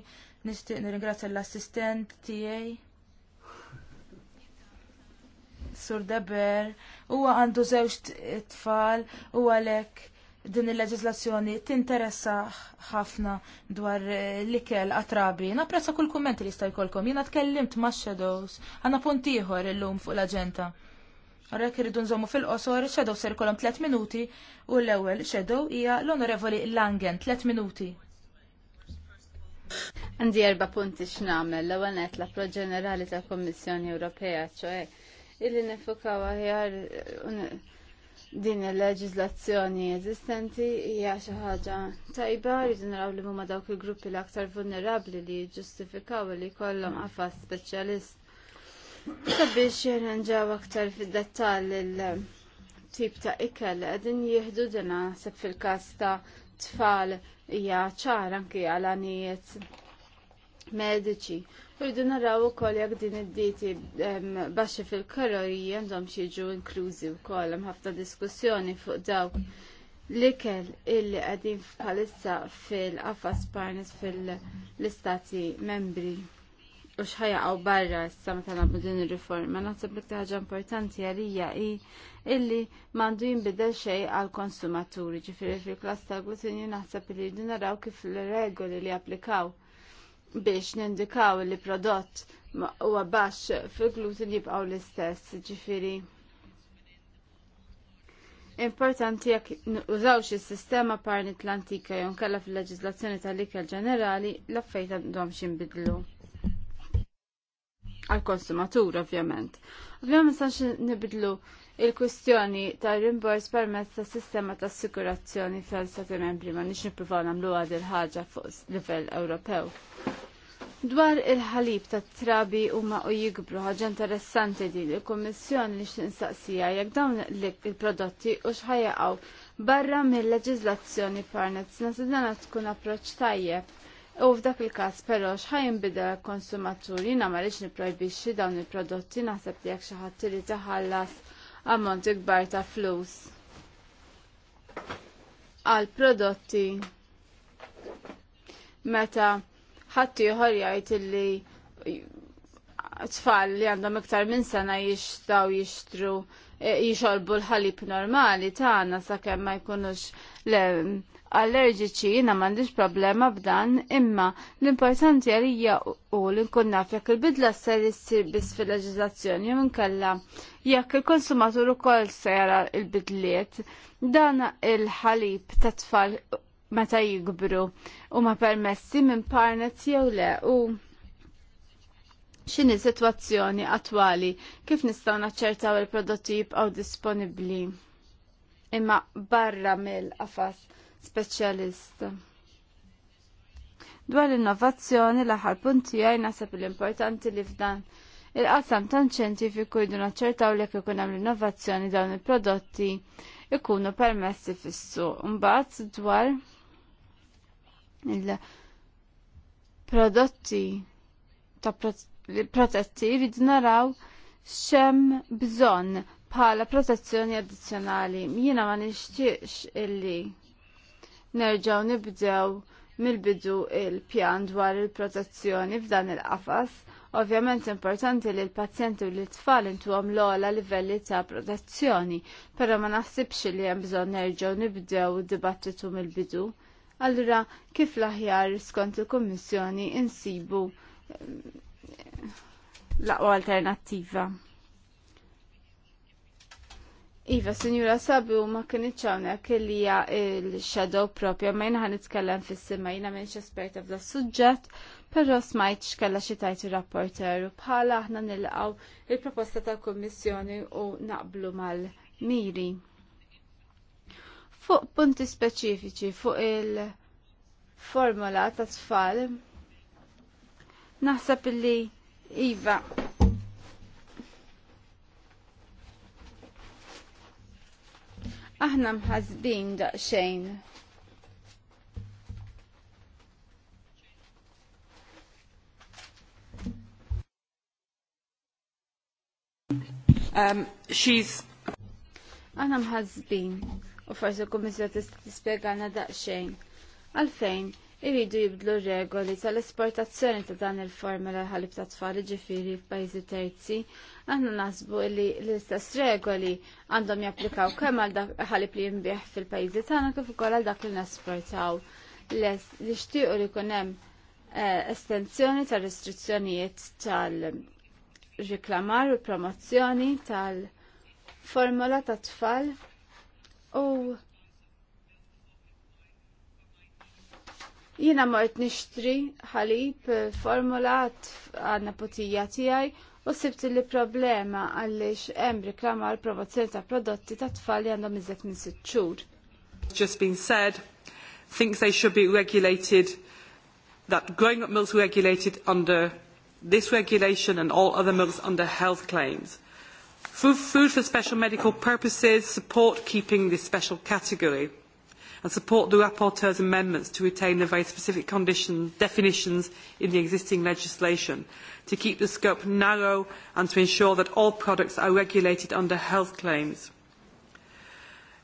Nixtieq nirringrazzja l-assistent tiegħi. Sur Deber, huwa għandu żewġ tfal u għalhekk din il-leġislazzjoni tinteressa ħafna dwar l-ikel għatrabi. Napprezza kull kumment li jista' jkollkom. Jiena tkellimt ma' shadows. Aħna punt ieħor illum fuq l-aġenda. Rek irridu nżommu fil-qosor, xedow ser kolom 3 minuti u l-ewel xedow hija l-onorevoli Langen 3 minuti. Għandi erba punti x'namel l-ewwel qed l-approċ ġenerali ta' Kommissjoni Ewropea, ċoe illi nifukaw aħjar din il-leġiżlazzjoni eżistenti hija xi ħaġa tajba rridu naraw li huma dawk il-gruppi l-aktar vulnerabbli li ġustifikaw li jkollhom qafas speċjalist sabiex jirranġaw aktar fid-dettall il-tip ta' ikel għedin jihdu dina sepp fil-kas ta' tfal hija ċar anki għal medici. Uridu narraw naraw ukoll jekk din id-dieti baxxi fil-kaloriji għandhom jiġu inklużi wkoll hemm ħafna diskussjoni fuq dawk l-ikel illi qegħdin bħalissa fil-qafas parnis fil-istati membri u għaw barra issa meta nagħmlu din ir-riforma. Naħseb li ħaġa importanti għalija i illi m'għandu jinbidel xej għall konsumaturi ġifiri fil klas ta' glutinju naħseb li jridu naraw kif l-regoli li applikaw biex nindikaw li prodott huwa baxx fil glutin jibqgħu l-istess, ġifiri. Importanti jekk użawx is-sistema parnit l-antika jonkalla fil leġizlazzjoni tal-ikel ġenerali l-affejt għandhom xinbidlu għal-konsumatur ovvjament. Ovvjament sanx nibidlu il kustjoni ta' rimbors permezz ta' sistema ta' assikurazzjoni fl-Stati membri ma' nix nippruvaw namlu għad il-ħagġa fuq livell Ewropew. Dwar il-ħalib ta' trabi u ma' u jikbru ħagġa interessanti di li kommissjoni li x-insaqsija jek dawn il-prodotti u xħajaqaw barra mill-leġizlazzjoni parnet s-nasidana tkun approċ tajjeb U f'dak il-każ però x'ħajn bida konsumatur jiena ma rridx nipprojbixxi dawn il-prodotti naħseb li jekk xi ħadd taħallas iħallas ammont ikbar ta' flus għal prodotti meta ħatti juħor jajt li tfal li għandhom iktar minn sena jixtaw jixtru jixorbu l-ħalib normali tagħna sakemm ma jkunux allerġiċi jina m'għandix problema b'dan imma l-importanti għalija u li nkun naf jekk il-bidla ser issir biss fil leġizazzjoni minn kalla jekk il-konsumatur ukoll se jara l-bidliet dan il-ħalib ta' tfal meta jikbru huma permessi minn parnet jew le u x'inhi sitwazzjoni attwali kif nistgħu naċċertaw il-prodotti jibqgħu disponibbli imma barra mill-qafas speċjalist. Dwar l-innovazzjoni l-aħħar punti għaj nasab l-importanti li f'dan il-qasam tan ċentifiku jdu naċċertaw li ikun hemm l-innovazzjoni dawn il-prodotti ikunu permessi fissu. suq Mbagħad dwar il-prodotti ta' protetti jridu naraw xem bżonn bħala protezzjoni addizzjonali. Jiena ma nixtieqx illi nerġaw nibdew mill-bidu il-pjan dwar il-protezzjoni f'dan il-qafas. Ovvjament importanti li l-pazjenti u l-tfal għom l għola livelli ta' protezzjoni, però ma naħsibx li hemm bżonn nerġgħu nibdew dibattitu mill-bidu. Allura kif l-aħjar skont il-Kummissjoni insibu eh, l-aqwa alternattiva? Iva, Sinjura Sabi, u ma kienieċ hawnhekk li hija l-shadow proprja ma jiena nitkellem fis-sima jiena m'hemmx esperta f'da suġġett, però smajt x'kella xi tajt ir-rapporter u bħala aħna nilqgħu il-proposta tal-Kummissjoni u naqblu mal-miri. Fuq punti speċifiċi fuq il-formula ta' tfal, naħseb li Iva, aħna mħazbin daqxejn. Um, she's Aħna mħazbin u forsi kummissja tista' tispjegana daqsxejn. Għalfejn iridu jibdlu regoli tal-esportazzjoni ta' dan il-formula ħalib ta' tfal ġifiri f'pajjiżi terzi. Għanna nasbu li l-istess regoli għandhom japplikaw kemm għal ħalib li jimbieħ fil-pajjiżi tagħna kif ukoll għal dak li nesportaw. Li xtiequ li jkun hemm eh, estensjoni tar restrizzjonijiet tal-riklamar u promozzjoni tal-formula ta' tfal u Jina mort nishtri ħalib eh, formulat għanna potija tijaj u sibt li problema għallix embri riklama għal promozzjoni ta' prodotti ta' tfal li għandhom iżek minn sitt xhur. Just been said, thinks they should be regulated that growing up mills regulated under this regulation and all other mills under health claims. Food, food for special medical purposes support keeping this special category and support the rapporteur's amendments to retain the very specific condition, definitions in the existing legislation, to keep the scope narrow and to ensure that all products are regulated under health claims.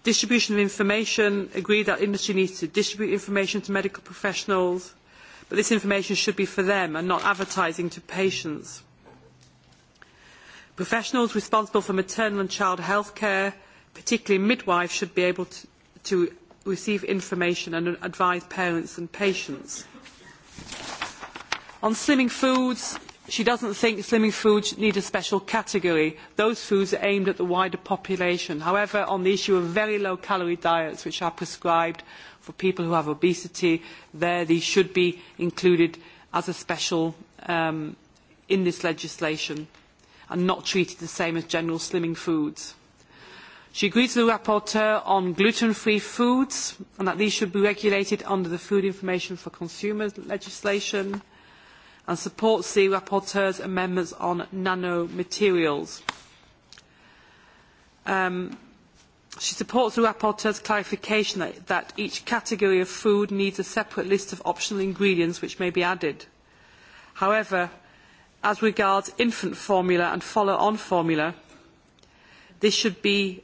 Distribution of information, agree that industry needs to distribute information to medical professionals, but this information should be for them and not advertising to patients. Professionals responsible for maternal and child health care, particularly midwives, should be able to, to receive information and advise parents and patients. On slimming foods, she does not think slimming foods need a special category. Those foods are aimed at the wider population. However, on the issue of very low calorie diets which are prescribed for people who have obesity, there these should be included as a special um, in this legislation and not treated the same as general slimming foods. She agrees with the rapporteur on gluten-free foods and that these should be regulated under the Food Information for Consumers legislation and supports the rapporteur's amendments on nanomaterials. Um, she supports the rapporteur's clarification that, that each category of food needs a separate list of optional ingredients which may be added. However, as regards infant formula and follow-on formula, this should be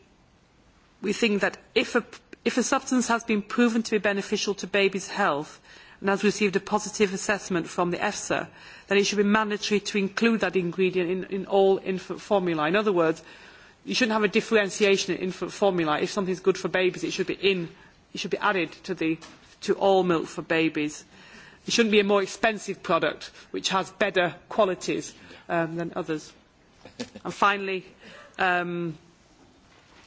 we think that if a, if a substance has been proven to be beneficial to babies' health and has received a positive assessment from the EFSA, then it should be mandatory to include that ingredient in, in all infant formula. In other words, you shouldn't have a differentiation in infant formula. If something's good for babies, it should be, in, it should be added to, the, to all milk for babies. It shouldn't be a more expensive product which has better qualities um, than others. and finally, um,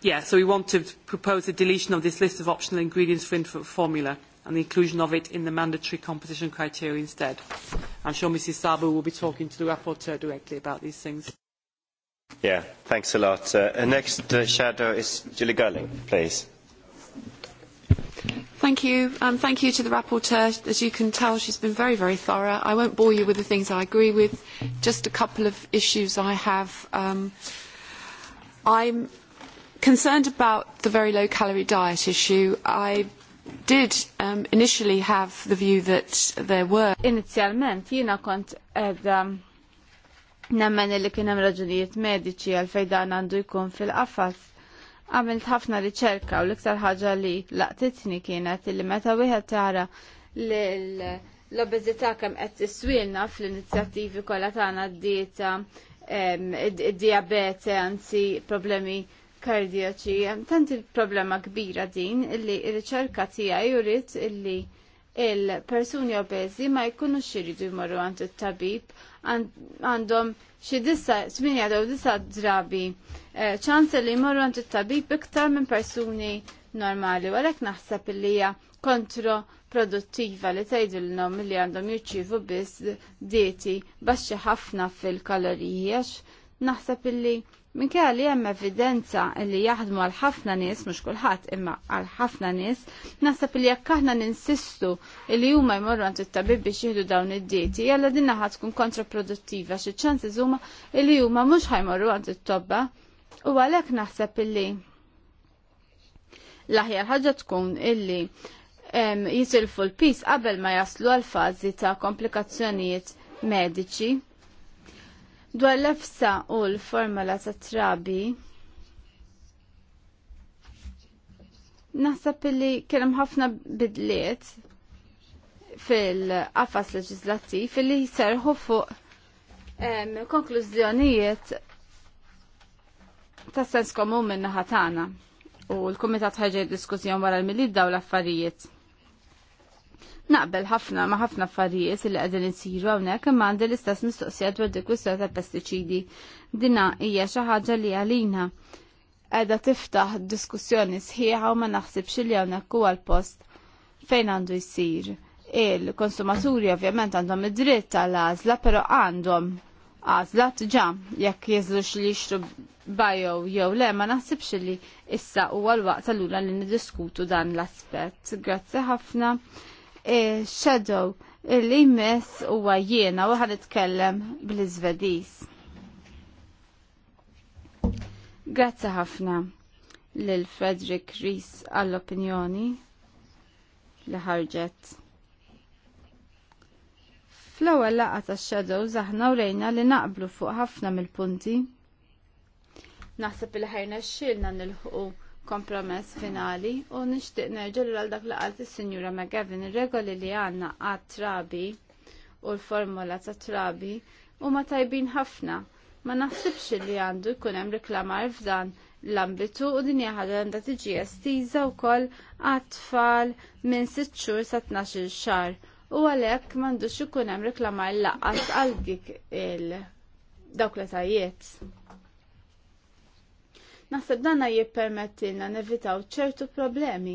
yeah, so we want to propose a deletion of this list of optional ingredients for infant formula and the inclusion of it in the mandatory composition criteria instead. I'm sure Mrs Sabu will be talking to the rapporteur directly about these things. Yeah, thanks a lot. Uh, uh next uh, shadow is Julie Gerling, please. Thank you. Um, thank you to the rapporteur. As you can tell, she's been very, very thorough. I won't bore you with the things I agree with. Just a couple of issues I have. Um, I'm concerned about the very low calorie diet issue, I did um, initially have the view that there were. Inizialment, jina kont edha nemmen li kien hemm raġunijiet medici għal fejdan għandu jkun fil-qafas. Għamilt ħafna riċerka u l-iktar ħaġa li laqtitni kienet li meta wieħed tara l-obeżità kemm qed tiswilna fl-inizjattivi kollha tagħna d-dieta, ehm, id-diabete, anzi problemi kardjaċi. Tant il-problema kbira din illi il-riċerka tiegħi jurid illi il-persuni obeżi ma jkunux xiridu jmorru għand il tabib għandhom xi disa jew disa drabi eh, ċans li jmorru għand il tabib iktar minn persuni normali u għalhekk naħseb illi hija kontroproduttiva li tgħidilhom li għandhom jirċievu biss dieti baxxi ħafna fil-kaloriji għax naħseb illi Minkejja li hemm evidenza li jaħdmu għal ħafna nies, mhux kulħadd imma għal ħafna nies, naħseb li jekk aħna ninsistu li huma jmorru għant it-tabib biex jieħdu dawn id-dieti, jalla dinna ħat tkun kontraproduttiva xi ċansiż huma li huma mhux ħajmorru għant it-tobba. U għalhekk naħseb illi l-aħjar ħaġa tkun illi jisilfu l-pis qabel ma jaslu għal fażi ta' komplikazzjonijiet mediċi Dwar l-efsa u l-formula ta' trabi, naħseb li kienem ħafna bidliet fil-qafas leġislattiv li jisarħu fuq konklużjonijiet ta' sens komun minna ħatana u l-Kumitat ħagġa diskussjon wara l-milid daw l-affarijiet. Naqbel ħafna ma ħafna affarijiet li qegħdin isiru hawnhekk imma għandi l-istess mistoqsija dwar dik ta' pestiċidi. Dina hija xi ħaġa li għalina qiegħda tiftaħ diskussjoni sħiħa u ma naħsibx li hawnhekk huwa l-post fejn għandu jsir. Il-konsumaturi ovvjament għandhom id-dritt tal-għażla, però għandhom għażla tġa jekk jeżlux li jixtru bajo jew le ma naħsibx li issa huwa l waqt allura li niddiskutu dan l aspett Grazzi ħafna shadow li jmiss huwa jiena u għan itkellem bl izvedis Grazzi ħafna lil Frederick Rees għall-opinjoni li ħarġet. Fl-ewwel laqgħa tax-shadows aħna rejna li naqblu fuq ħafna mill-punti. Naħseb il ħajna xilna nilħu kompromess finali u nixtieq nerġel għal dak li għalti is McGavin ir-regoli li għandna għat trabi u l-formola ta' trabi huma tajbin ħafna. Ma naħsibx li għandu jkun hemm riklamar f'dan l-ambitu u din ħaġa għandha tiġi estiża wkoll għat-tfal minn 6 xhur sa 12 xar U għalhekk m'għandux ikun hemm riklamar laqqas għal dik il dawk l-tajiet. Naħseb danna jippermettilna nevitaw ċertu problemi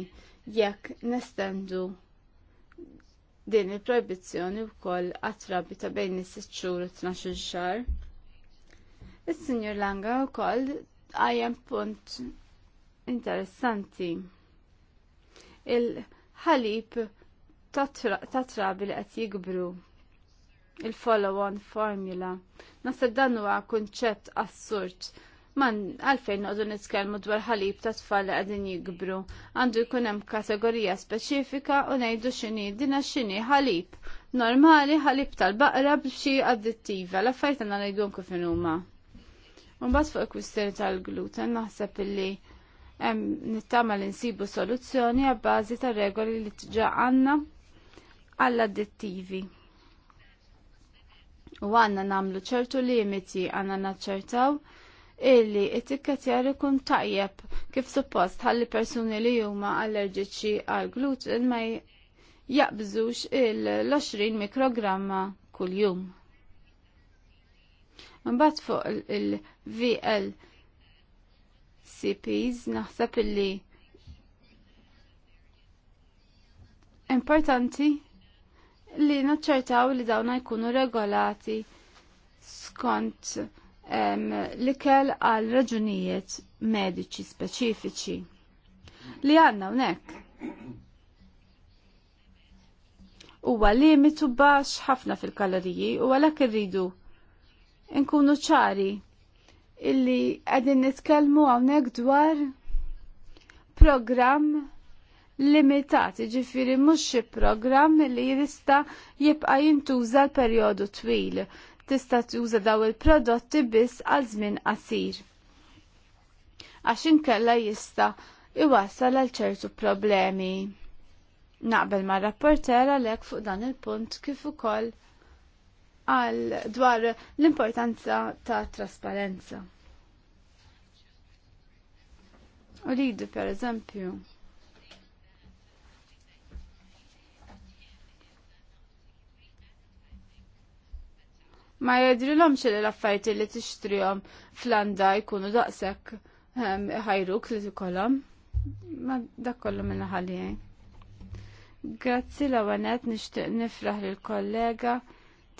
jekk nestendu din il-proibizzjoni wkoll għat-trabi ta' bejn is-sitt xhur u tnax-il xahar. Is-Sinjur Langa wkoll għajjem punt interessanti. Il-ħalib ta' trabi li qed jikbru il-follow-on formula. Nasib dan huwa kunċett assurd man għalfejn noqdu nitkellmu dwar ħalib ta' tfal li qegħdin jikbru. Għandu jkun hemm kategorija speċifika u ngħidu x'inhi dina x'inhi ħalib. Normali ħalib tal-baqra b'xi addittiva l-affarijiet għandna ngħidhom kif huma. Mbagħad fuq il-kwistjoni tal-gluten naħseb illi hemm nittama li nsibu soluzzjoni bażi ta' regoli li tġa għandna għall addittivi. U għandna nagħmlu ċertu limiti għandna naċċertaw illi it-tikketjar ikun tajjeb kif suppost ħalli persuni li huma allerġiċi għal gluten ma jaqbżux il-20 mikrogramma kuljum. Mbagħad fuq il-VL CPs naħseb illi importanti li naċċertaw li dawna jkunu regolati skont l kell għal raġunijiet mediċi speċifiċi li għanna unek. Huwa limitu bax ħafna fil-kaloriji u għalhekk irridu nkunu ċari illi qegħdin nitkellmu hawnhekk dwar program limitat, ġifiri mhux xi programm li jista' jibqa' jintuża l-perjodu twil tista' tuża daw il-prodotti biss għal żmien qasir. Għax inkella jista' iwassal għal ċertu problemi. Naqbel ma' rapporter għalhekk fuq dan il-punt kif ukoll għal dwar l-importanza ta' trasparenza. Uridu, per eżempju, ma jedrilhomx li l-affarijiet li tixtrihom flanda jkunu daqshekk ehm, ħajruk li tikolhom. Ma dak kollu minn ħalijaj. Grazzi la għanet nixtieq nifraħ lill kollega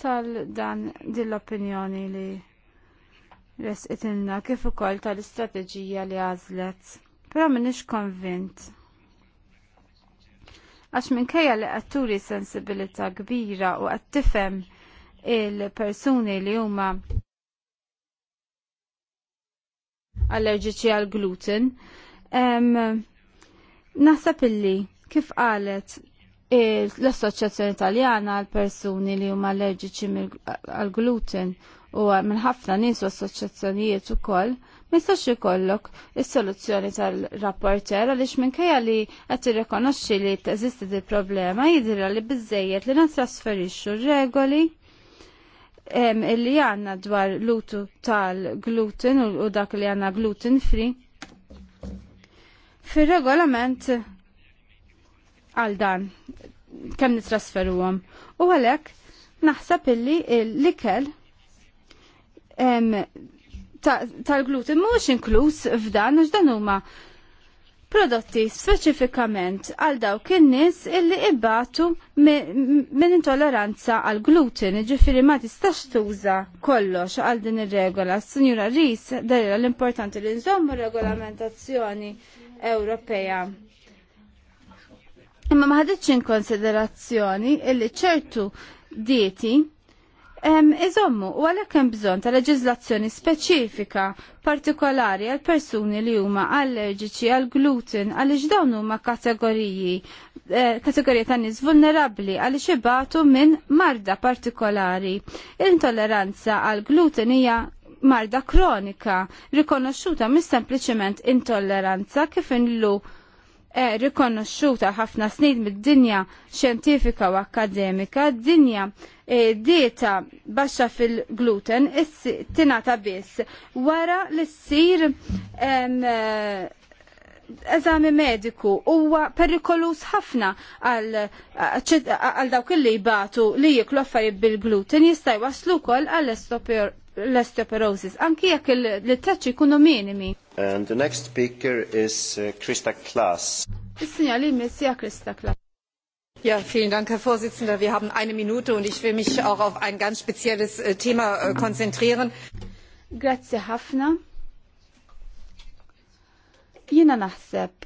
tal-dan dill-opinjoni li resqitilna kif ukoll tal-istrateġija li għażlet. Però m'iniex konvint għax minkejja li għatturi sensibilità kbira u qed tifhem il-persuni li huma allerġiċi għal gluten. Um, Naħseb illi kif qalet l-Assoċjazzjoni Taljana għal persuni li huma allerġiċi għal gluten u minn ħafna nies u assoċjazzjonijiet ukoll ma jistax ikollok is-soluzzjoni tal-rapporter għaliex minkejja li qed tirrikonoxxi li teżisti il problema jidhirha li biżejjed li r regoli li għanna dwar l-utu tal-gluten u dak li għanna gluten free. Fil-regolament għal dan kemm nitrasferu għom. U għalek naħseb illi l-ikel tal-gluten mux inkluż f'dan, għax dan huma prodotti speċifikament għal dawk in-nies illi ibbatu minn intolleranza għal gluten, ġifiri ma tistax tuża kollox għal din ir-regola. Sinjura Ris, darra l-importanti li nżommu regolamentazzjoni Ewropea. Imma ma ħaditx in konsiderazzjoni illi ċertu dieti iżommu u għalhekk hemm bżonn ta' leġiżlazzjoni speċifika partikolari għal persuni li huma allerġiċi għal gluten għaliex dawn huma kategoriji eh, kategorija ta' nies vulnerabbli għaliex ibatu minn marda partikolari. Intolleranza għal gluten hija marda kronika, rikonoxxuta mis sempliċement intolleranza kif inlu E rikonoxxuta ħafna snin mid-dinja xjentifika u akkademika, dinja e, dieta baxxa fil-gluten tingħata biss wara li ssir e, eżami mediku huwa perikolus ħafna għal dawk li jibatu li jiklu affarijiet bil-gluten jista' jwaslu wkoll għall l-osteoporosis, anki jekk l-taċċi jkunu minimi. And the next speaker is uh, Krista Klaas. Is-sinja li missija Krista Klaas. Ja, vielen Dank, Herr Vorsitzender. Wir haben eine Minute und ich will mich auch auf ein ganz spezielles äh, Thema äh, konzentrieren. Grazie Hafna. Jena naħseb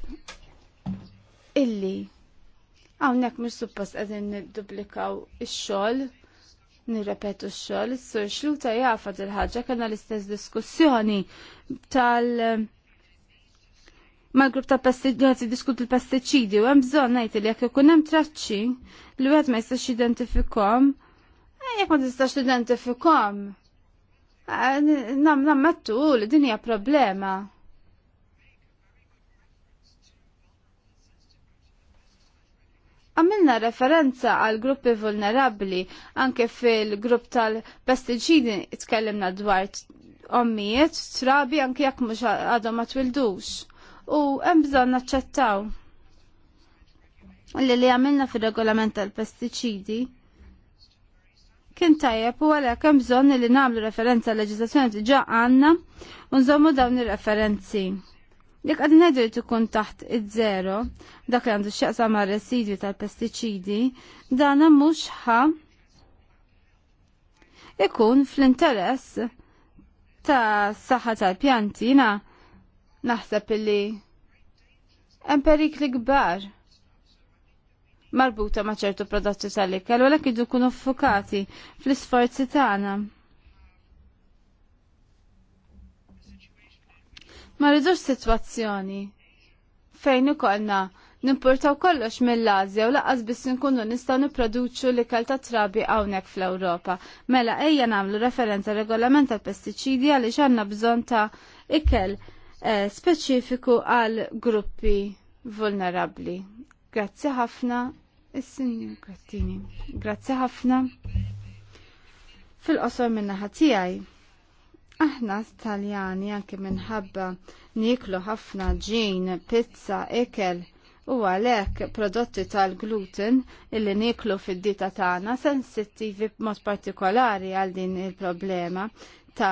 illi hawnhekk mhux suppost qegħdin nidduplikaw ix-xogħol nirrepetu x-xogħol. Is-sur xluta jafa dil-ħaġa kanna l-istess diskussjoni tal- mal grupp ta' pestiċidi diskut il-pestiċidi u hemm bżonn ngħid li jekk ikun hemm traċċi li wieħed ma jistax identifikom, eh, jekk ma tistax nam, eh, nam, li l-dinja problema. Għamilna referenza għal gruppi vulnerabli, anke fil-grupp tal-pestiċidi tkellimna dwar ommijiet, trabi anke jekk mhux għadhom ma twildux. U hemm bżonn naċċettaw li li għamilna fil-regolament tal-pestiċidi kien tajjeb u għalhekk hemm bżonn li nagħmlu referenza għal leġiżlazzjoni diġà għandna u nżommu dawn ir-referenzi. Dik għad nedri tukun taħt id-zero, dak li għandu xaqsa ma' residwi tal-pesticidi, dan mux ħa ikun fl-interess ta' saħħa tal-pjanti, na naħseb li hemm perikli marbuta ma' ċertu prodotti tal ikkel u l-ek idu kunu fukati fl-sforzi tagħna. Ma rridux sitwazzjoni fejn ikollna nimportaw kollox mill-Azja u laqas biss nkunu nistgħu nipproduċu l-ikel ta' trabi hawnhekk fl-Ewropa. Mela ejja nagħmlu referenza regolament tal-pestiċidi għaliex għandna bżonn ta' ikel eh, speċifiku għal gruppi vulnerabbli. Grazzi ħafna, is-Sinjur Grazzi ħafna fil-qosor minn ħatijaj. Aħna Taljani anke minħabba niklu ħafna ġin, pizza, ekel u għalhekk prodotti tal-gluten illi niklu fid-dita tagħna sensittivi b'mod partikolari għal din il-problema ta'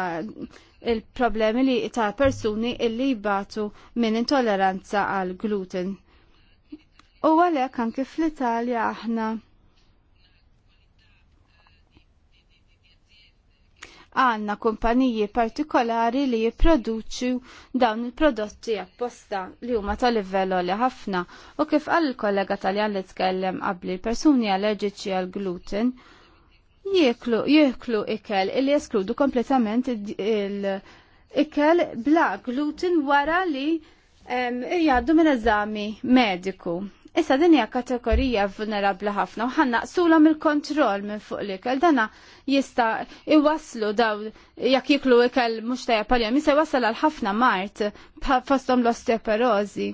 il-problemi li ta' persuni illi jibatu minn intolleranza għal gluten. U għalhekk anke fl-Italja aħna għanna kumpaniji partikolari li jipproduċu dawn il-prodotti apposta li huma ta' livell li ħafna u kif għall kollega tal-jan li tkellem qabli persuni allergiċi għal gluten jieklu, jieklu ikel li jeskludu kompletament il-ikel bla gluten wara li jgħaddu minn eżami mediku. Issa din hija kategorija vulnerabbli ħafna u ħannaqsulhom il-kontroll minn fuq l-ikel. Dana jista' iwaslu daw jekk jiklu ikel mhux tajjeb għalihom jista' jwassal għal ħafna mart fosthom l-osteoporosi.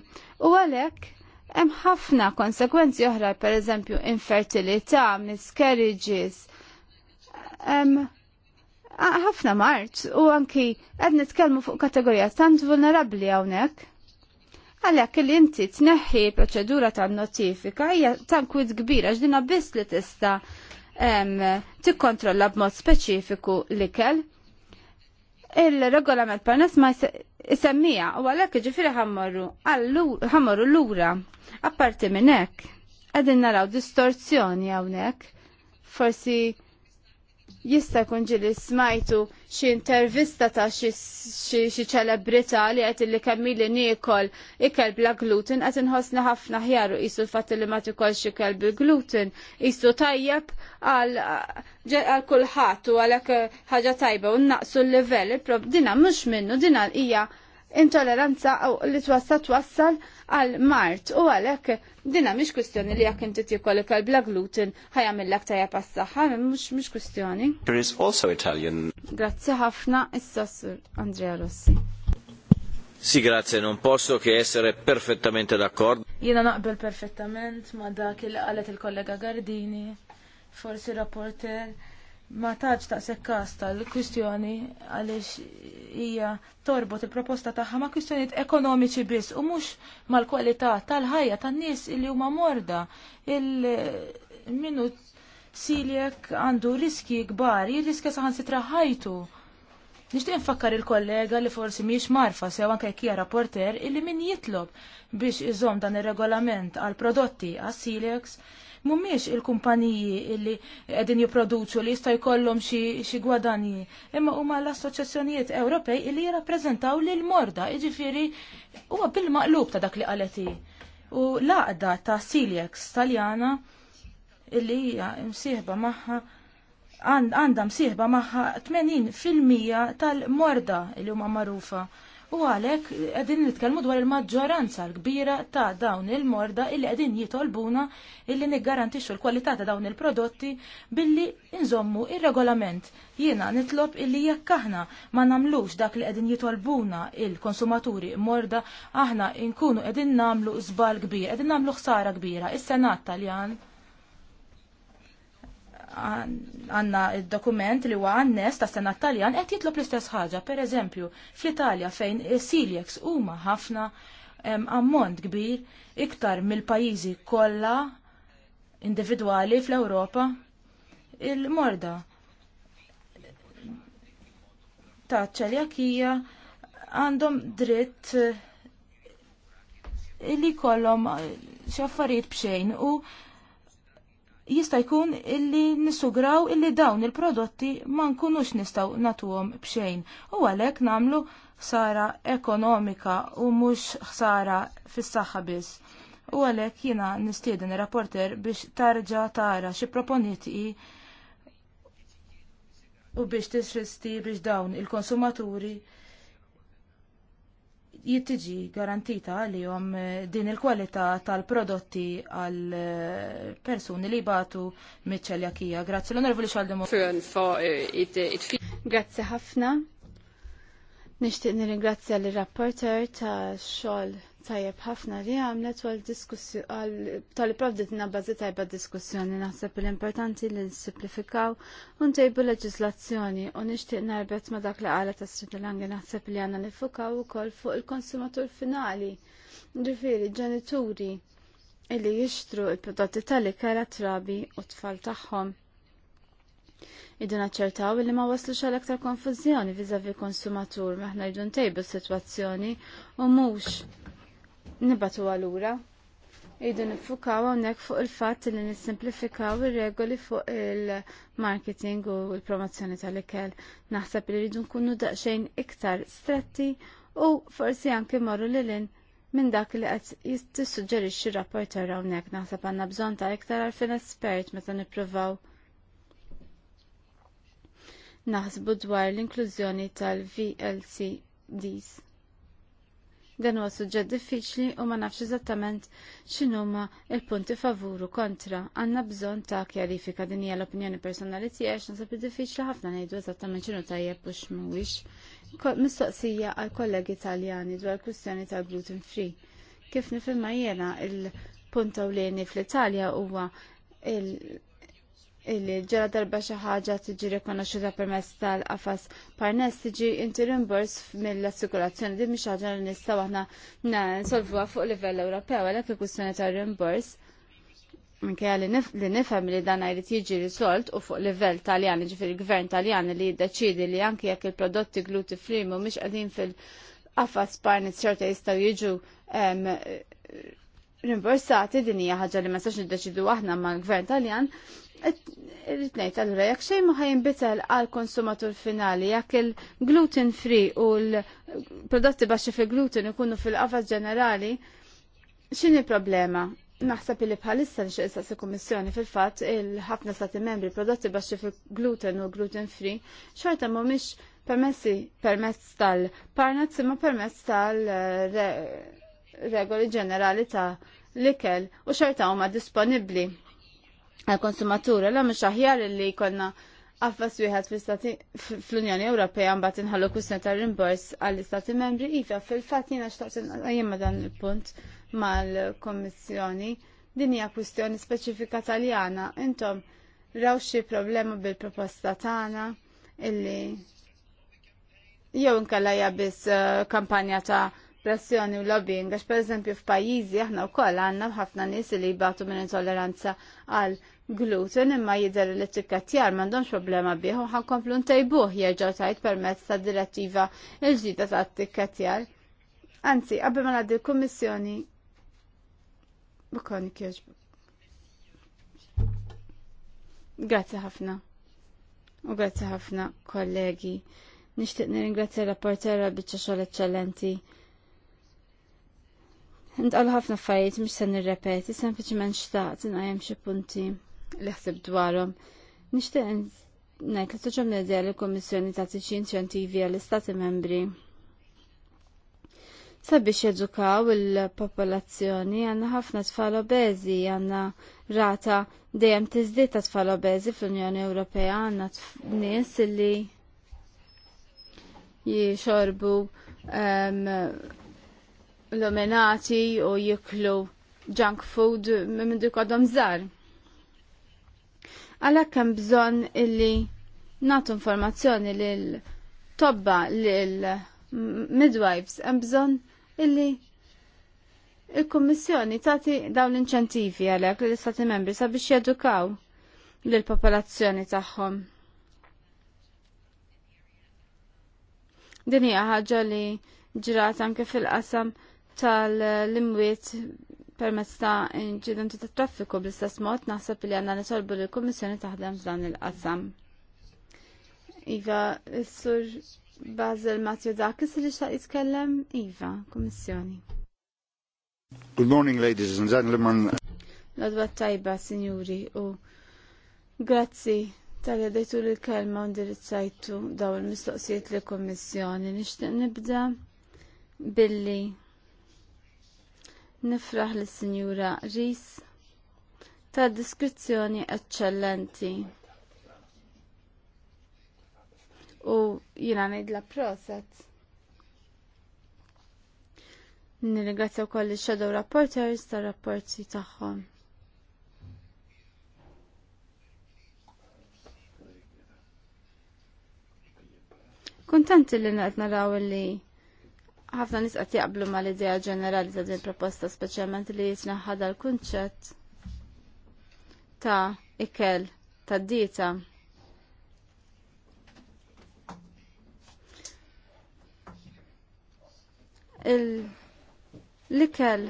U għalhekk hemm ħafna konsekwenzi oħra, pereżempju infertilità, miscarriages, ħafna mart u anki qed nitkellmu fuq kategorija tant vulnerabbli hawnhekk. Għalhekk li inti tneħħi proċedura ta' notifika hija tankwid kbira x'dina biss li tista' tikkontrolla b'mod speċifiku l-ikel. Il-regolament permess ma jisemmija u għalhekk ġifieri ħammorru lura. Apparti minn hekk, qegħdin naraw distorzjoni hawnhekk. Forsi jista' jkun ġili smajtu xi intervista ta' xi ċelebrità li qed illi kemmili niekol ikel bla gluten qed inħossni ħafna ħjar u qisu l-fatt li ma tikolx ikel bil gluten qisu tajjeb għal għal kulħadd u għalhekk eh, ħaġa tajba u naqsu l-livell. Dina mhux minnu, dina hija intoleranza li twassal twassal għal mart u għalhekk dina mhix kustjoni li jekk inti tikollok bla gluten lak tajja passaħħa, mhux mhux There is also Italian. Grazzi ħafna issa sassur Andrea Rossi. Sì, grazie, non posso che essere perfettamente d'accordo. Jiena naqbel perfettament ma dak il qalet il-kollega Gardini, forsi rapporter ma taġ ta' sekkasta l-kwistjoni għaliex hija torbot il-proposta tagħha ma' kwistjonijiet ekonomiċi biss u mhux mal-kwalità tal-ħajja tan-nies illi huma morda il-minut siljek għandu riski kbar, jirriska saħan sitra ħajtu. Nishtiq nfakkar il-kollega li forsi miex marfa sew anke jekk hija rapporter illi min jitlob biex iżom dan ir-regolament għal prodotti għas silex mumiex il-kumpaniji li qegħdin jipproduċu li jista' jkollhom xi gwadanji, imma huma l-assoċjazzjonijiet Ewropej li jirrappreżentaw lil morda, jiġifieri huwa bil-maqlub ta' dak li qaleti. U l-għaqda ta' Siliex Taljana illi hija msieħba magħha għandha msieħba magħha 80% tal-morda li huma magħrufa U għalek għedin nitkellmu dwar il-maġġoranza l-kbira ta' dawn il-morda illi għedin jitolbuna illi niggarantixxu l-kwalità ta' dawn il-prodotti billi inżommu il regolament Jiena nitlob illi jekk aħna ma namlux dak li qegħdin jitolbuna il-konsumaturi morda aħna nkunu qegħdin namlu zbal kbir, qegħdin namlu ħsara kbira. Is-Senat Taljan għanna il-dokument li huwa għannes ta' sena Taljan qed jitlob l-istess ħaġa. Per eżempju, fl-Italja fejn is-siljeks huma ħafna ammont kbir iktar mill-pajjiżi kollha individwali fl-Ewropa il-morda ta' ċeljakija għandhom dritt li kollhom xi affarijiet bxejn u jista' jkun illi nisugraw illi dawn il-prodotti ma nkunux nistgħu natuhom b'xejn u għalhekk nagħmlu ħsara ekonomika u mhux ħsara fis-saħħa biss. U għalhekk jiena nistieden ir-rapporter biex tarġa' tara xi proponiti u biex tisristi biex dawn il-konsumaturi jittiġi garantita għalihom eh, din il-kwalità tal-prodotti għal eh, persuni li batu kija. Grazzi l-onorevoli xaldemo. Eh, Grazzi ħafna. Nixtieq nirringrazzja l-rapporter ta' xol tajjeb ħafna li għamlet għal diskussjoni tal-provditina bazi tajba diskussjoni naħseb l-importanti li n-simplifikaw u ntejbu leġislazzjoni u nixtieq narbet ma dak li għala tas l-angi naħseb li għandna nifukaw ukoll fuq il-konsumatur finali, ġifiri, ġenituri illi jixtru il-prodotti tal kera trabi u tfal tagħhom. Iduna ċertaw li ma waslux għal aktar konfużjoni vizavi konsumatur maħna jdun tejbu situazzjoni u mux nibatu għalura. Idu nifukaw għonek fuq il-fat li nisimplifikaw il-regoli fuq il-marketing u il-promozzjoni tal-ikel. Naħseb li ridu nkunu daqxejn iktar stretti u forsi anki marru li l minn dak li qed jistissuġġerixxi rapporter għonek. naħseb għandna bżonn ta' iktar għarfien espert meta nippruvaw naħsbu dwar l-inklużjoni tal-VLCDs. Dan huwa suġġett diffiċli u ma nafx eżattament x'inhuma l punti favuru kontra. Għandna bżonn ta' kjarifika din hija l-opinjoni personali tiegħek naħseb diffiċli ħafna ngħidu eżattament x'inhu tajjeb u x'mhuwiex. Mistoqsija għal kollegi Taljani dwar kwistjoni ta' gluten free. Kif nifhimha jiena il-punt ewlieni fl-Italja huwa illi ġara darba xi ħaġa tiġi rikonoxxuta permezz tal-qafas parnes tiġi inti rimbors mill-assikurazzjoni din mhix ħaġa li nistgħu aħna nsolvuha fuq livell Ewropew għalhekk il-kwistjoni tar-rimbors minkejja li nifhem li dan jrid jiġi risolt u fuq livell Taljan, ġifieri gvern Taljan li jiddeċiedi li anke jekk il-prodotti gluti free mhumiex qegħdin fil-qafas parnes xorta jistgħu jiġu ehm, rimborsati din hija ħaġa li ma sax niddeċidu aħna mal-Gvern Taljan, irrid ngħid allura jekk xejn ma ħajnbitel għal konsumatur finali jekk il-gluten free u l-prodotti baxxi fil gluten ikunu fil-qafas ġenerali, x'inhi problema? Naħseb li bħalissa li xieqsa se kummissjoni fil-fatt il-ħafna stati membri prodotti baxxi fil gluten u gluten free xorta mhumiex permessi permezz tal parnazzi imma permezz tal- regoli ġenerali ta' l-ikel u xorta huma disponibbli għal-konsumaturi la mhux aħjar li jkollna Għaffas wieħed fl-Unjoni Ewropea mbagħad inħallu kusna ta' rimbors għall-Istati Membri iva fil-fatt jiena xtaqt jemma dan il-punt mal-Kommissjoni din hija kwistjoni speċifika Taljana intom raw xi problema bil-proposta tagħna illi jew inkella biss eh, kampanja ta' pressjoni u lobbying, għax per eżempju f'pajjiżi aħna wkoll għandna ħafna nies li jibatu minn intolleranza għal gluten imma jidher li t-tikkatjar m'għandhomx problema bih u ħankomplu ntejbuh jerġgħu tajt permezz ta' direttiva l-ġdida ta' t-tikkatjar. Anzi, qabel ma ngħaddi l-Kummissjoni bukoni kieġbu. Grazzi ħafna. U grazzi ħafna kollegi. Nixtieq nirringrazzja l-rapportera biċċa xogħol eċċellenti Ntqal ħafna affarijiet mhux se nirrepeti, sempliċement xtaqt inqajem xi punti li ħsib dwarhom. Nixtieq ngħid li toġom nedja li l-Kummissjoni tagħti xi inċentivi għall-Istati membri sabiex jedukaw il-popolazzjoni għandna ħafna tfal obeżi, għandna rata dejjem tiżdied ta' tfal obeżi fl-Unjoni Ewropea għandna nies li jixorbu ehm, l-omenati u jiklu junk food minn dik għadhom żgħar. Għalhekk hemm bżonn illi nagħtu informazzjoni lil tobba lil midwives hemm bżonn illi il-Kummissjoni tagħti dawn l-inċentivi għalhekk lill-Istati Membri sabiex jedukaw lill-popolazzjoni tagħhom. Din hija ħaġa li ġrat anke fil-qasam tal limwiet permezz ta' inċidenti ta' traffiku bl-istess mod naħseb li għandna nitolbu li l-Kummissjoni taħdem f'dan il-qasam. Iva, s-sur Basil Matthew Dakis li xa' jitkellem? Iva, Kummissjoni. Good morning, ladies and gentlemen. l tajba, sinjuri, u grazzi tal dejtu li kelma indirizzajtu daw il-mistoqsijiet li kummissjoni Nishtiq nibda billi nifraħ lis sinjura Ris ta' diskrizzjoni eccellenti. U jina ngħidla proset. Nirringrazzja wkoll ix-shadow rapporters tar-rapporti tagħhom. Kuntanti li naqed naraw li ħafna nis qed jaqblu mal-idea ġenerali ta' din proposta speċjalment li jitnaħħad l-kunċett ta' ikel ta' dita. l-ikel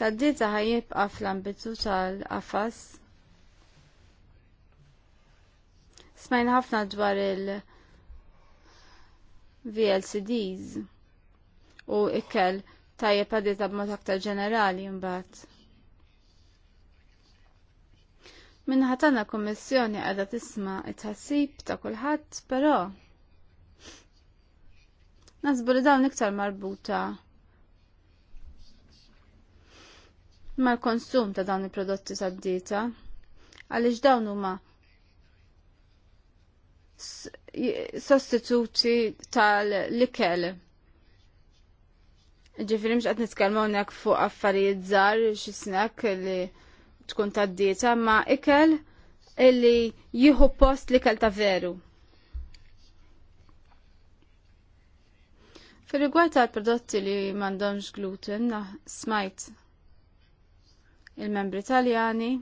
ta' dieta ħajibqa fl-ambitu tal-qafas. Smajn ħafna dwar il- VLCDs u ikkel tajjeb għadita b'mod aktar ġenerali mbagħad. Minħatana kommissjoni għadha tisma it-ħassib ta' kulħadd, però nasbu li dawn iktar marbuta mal-konsum ta' dawn il-prodotti tad-dieta għaliex dawn huma sostituti tal-likel. Ġifiri mx għat nitkelmu għonek fuq affarijiet zar, xisnek li tkun ta' dieta, ma ikel illi jihu post likel ta' veru. Fil-rigward tal-prodotti li mandomx gluten, smajt il-membri taljani,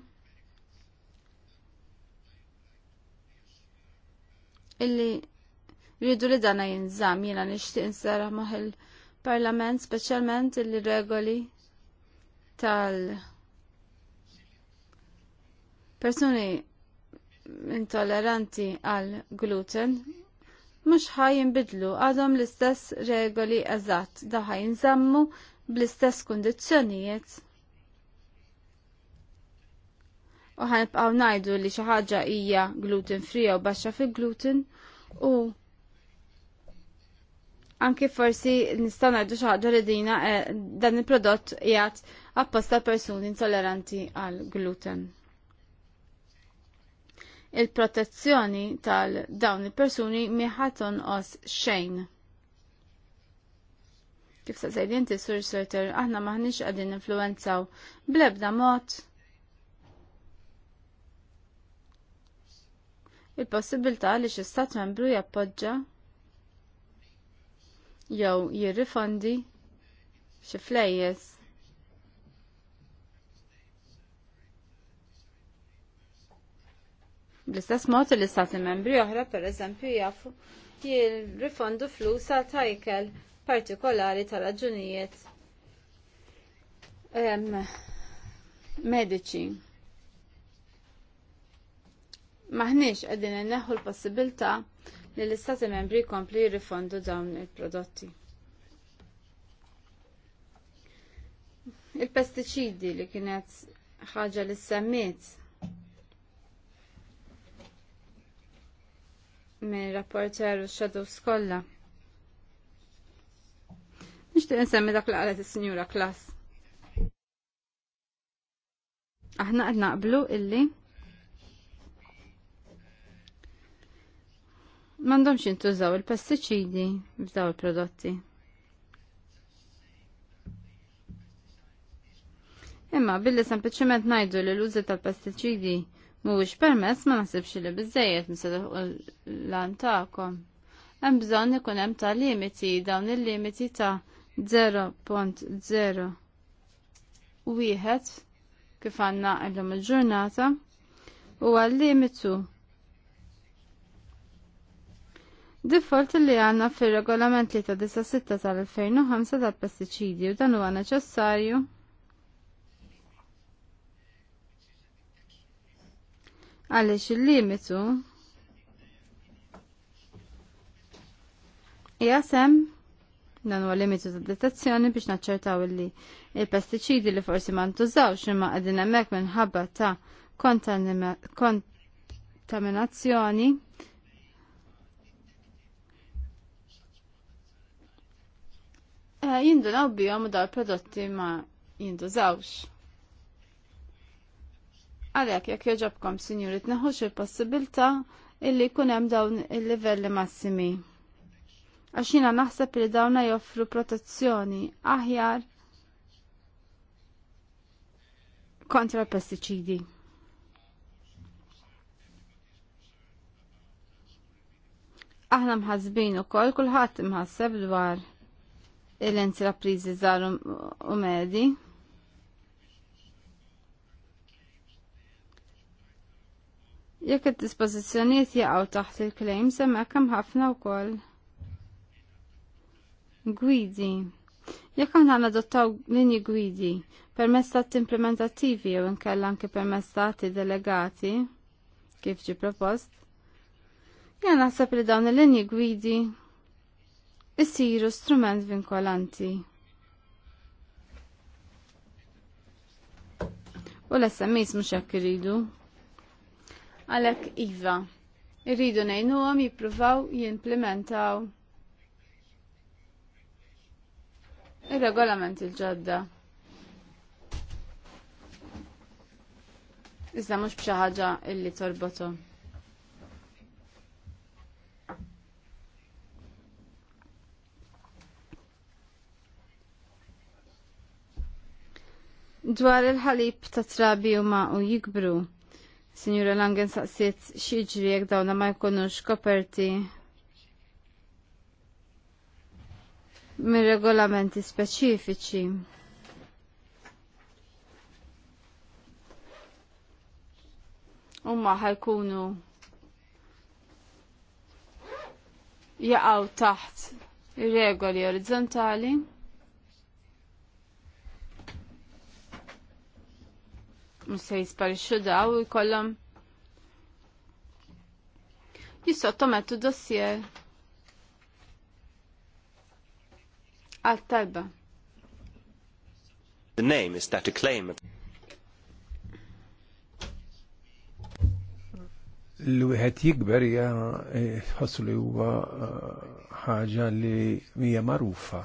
illi rridu li dana jinżam jiena nixtieq nsara moħ il-Parlament speċjalment illi regoli tal- persuni intolleranti għal gluten mhux ħaj jinbidlu għadhom l-istess regoli eżatt da jinżammu bl-istess kundizzjonijiet u ħanibqaw najdu li xi ħaġa hija gluten free u baxxa fil-gluten u anki forsi nista' ngħidu xi ħaġa li dina eh, dan il-prodott qiegħed apposta persuni intolleranti għal gluten. Il-protezzjoni tal-dawn il-persuni miħaton os xejn. Kif sa' sejdinti sur surter, aħna maħniċ għadin influenzaw blebda mot il-possibilità li xi stat membru jappoġġa jew jirrifondi xi flejjes. Bl-istess mod li stati membri oħra pereżempju jafu jirrifondu flus għal tajkel partikolari ta' raġunijiet ehm, medici maħniex qegħdin inneħħu l-possibilità li l-Istati membri jkompli jirrifondu dawn il-prodotti. Il-pestiċidi li kienet ħaġa li semmiet minn rapporter u xadu skolla. n-semmi dak li qalet is-Sinjura klas. Aħna qed naqblu illi mandomx jintużaw il-pestiċidi f'daw il-prodotti. Imma billi sempliciment najdu li l-użi tal-pestiċidi mhuwiex permess ma nasibx li biżejjed misal lan tagħkom. Hemm bżonn ikun hemm ta' limiti dawn il-limiti ta' 0.0 wieħed kif għandna llum il-ġurnata u għal limitu Default li għanna fil-regolament li ta' 16 tal-2005 tal-pesticidi u dan huwa neċessarju għaliex il-limitu jasem dan huwa limitu ta' detazzjoni biex naċċertaw li il-pestiċidi li forsi ma ntużawx imma qegħdin hemmhekk minħabba ta' kontaminazzjoni Eh, jindunaw bijom u daw prodotti ma jindużawx. Għalek, jek joġobkom, signori, tneħuċ il-possibilta illi kunem dawn il-livelli massimi. Għaxina naħseb li dawna joffru protezzjoni aħjar kontra pesticidi. Aħna mħazbin u kol, kullħat mħasseb dwar l-intraprizi żgħar u medi. Jekk id-dispożizzjonijiet jaqgħu taħt il klejm hemmhekk hemm ħafna wkoll. Gwidi. Jekk aħna nadottaw linji gwidi permezz tat implementattivi jew inkella anke permezz tagħti delegati kif ġi propost, jien naħseb li dawn il-linji gwidi isiru strument vinkolanti. U l-SMIs mux jekk iridu. Għalek Iva, irridu nejnu għam jipruvaw jimplementaw il-regolament il-ġodda. Iżda mux bċaħġa illi torbotu. Dwar il-ħalib ta' trabi u ma' u jikbru. Signora Langen saqsiet xieġri jek dawna ma' jkunux koperti minn regolamenti speċifiċi. Umma ħajkunu jaqaw taħt regoli orizzontali. se jisparixxu daw jkollhom jissottomettu dossier għal ah, talba. The name is that a claim of l-wieħed jikber hija eh, ħossu li huwa eh, ħaġa li hija marufa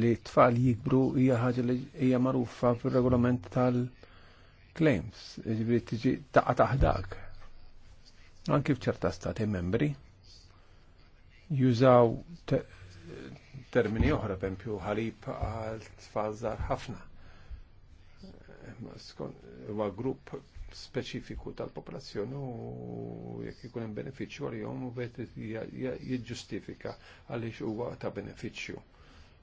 li tfal jikbru hija ħaġa li hija magħrufa fir-regolament tal-claims, jiġifieri tiġi taqa' taħdak. Anki f'ċerta stati membri jużaw termini oħra pempju ħalib għal tfal żgħar ħafna. Huwa grupp speċifiku tal-popolazzjoni u jekk ikun hemm benefiċċju għalihom u bet jiġġustifika għaliex huwa ta' benefiċċju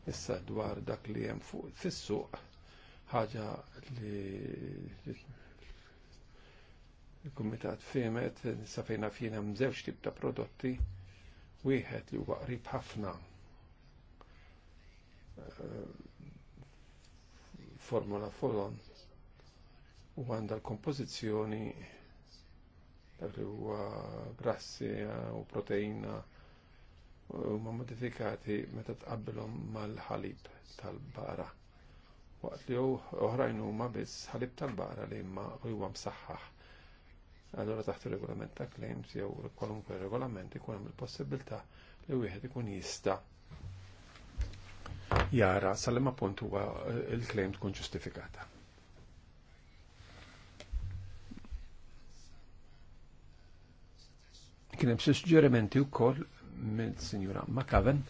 Issa dwar dak li hemm fuq fis-suq ħaġa li il-Kumitat fimet safejna fien hemm żewġ tip ta' prodotti wieħed li huwa qrib ħafna eh, formula folon u għandha l-kompożizzjoni dak li huwa grassi u proteina huma modifikati meta tqabbilhom mal-ħalib tal baqra Waqt li oħrajn huma biss ħalib tal baqra li ma huwa msaħħaħ. Allora taħt ir-regolament ta' claims jew kwalunkwe regolament ikun hemm il-possibilità li wieħed ikun jista' jara sal-lim punt huwa eh, il-claim tkun ġustifikata. Kien hemm suġġerimenti wkoll mill-Sinjura Makaven.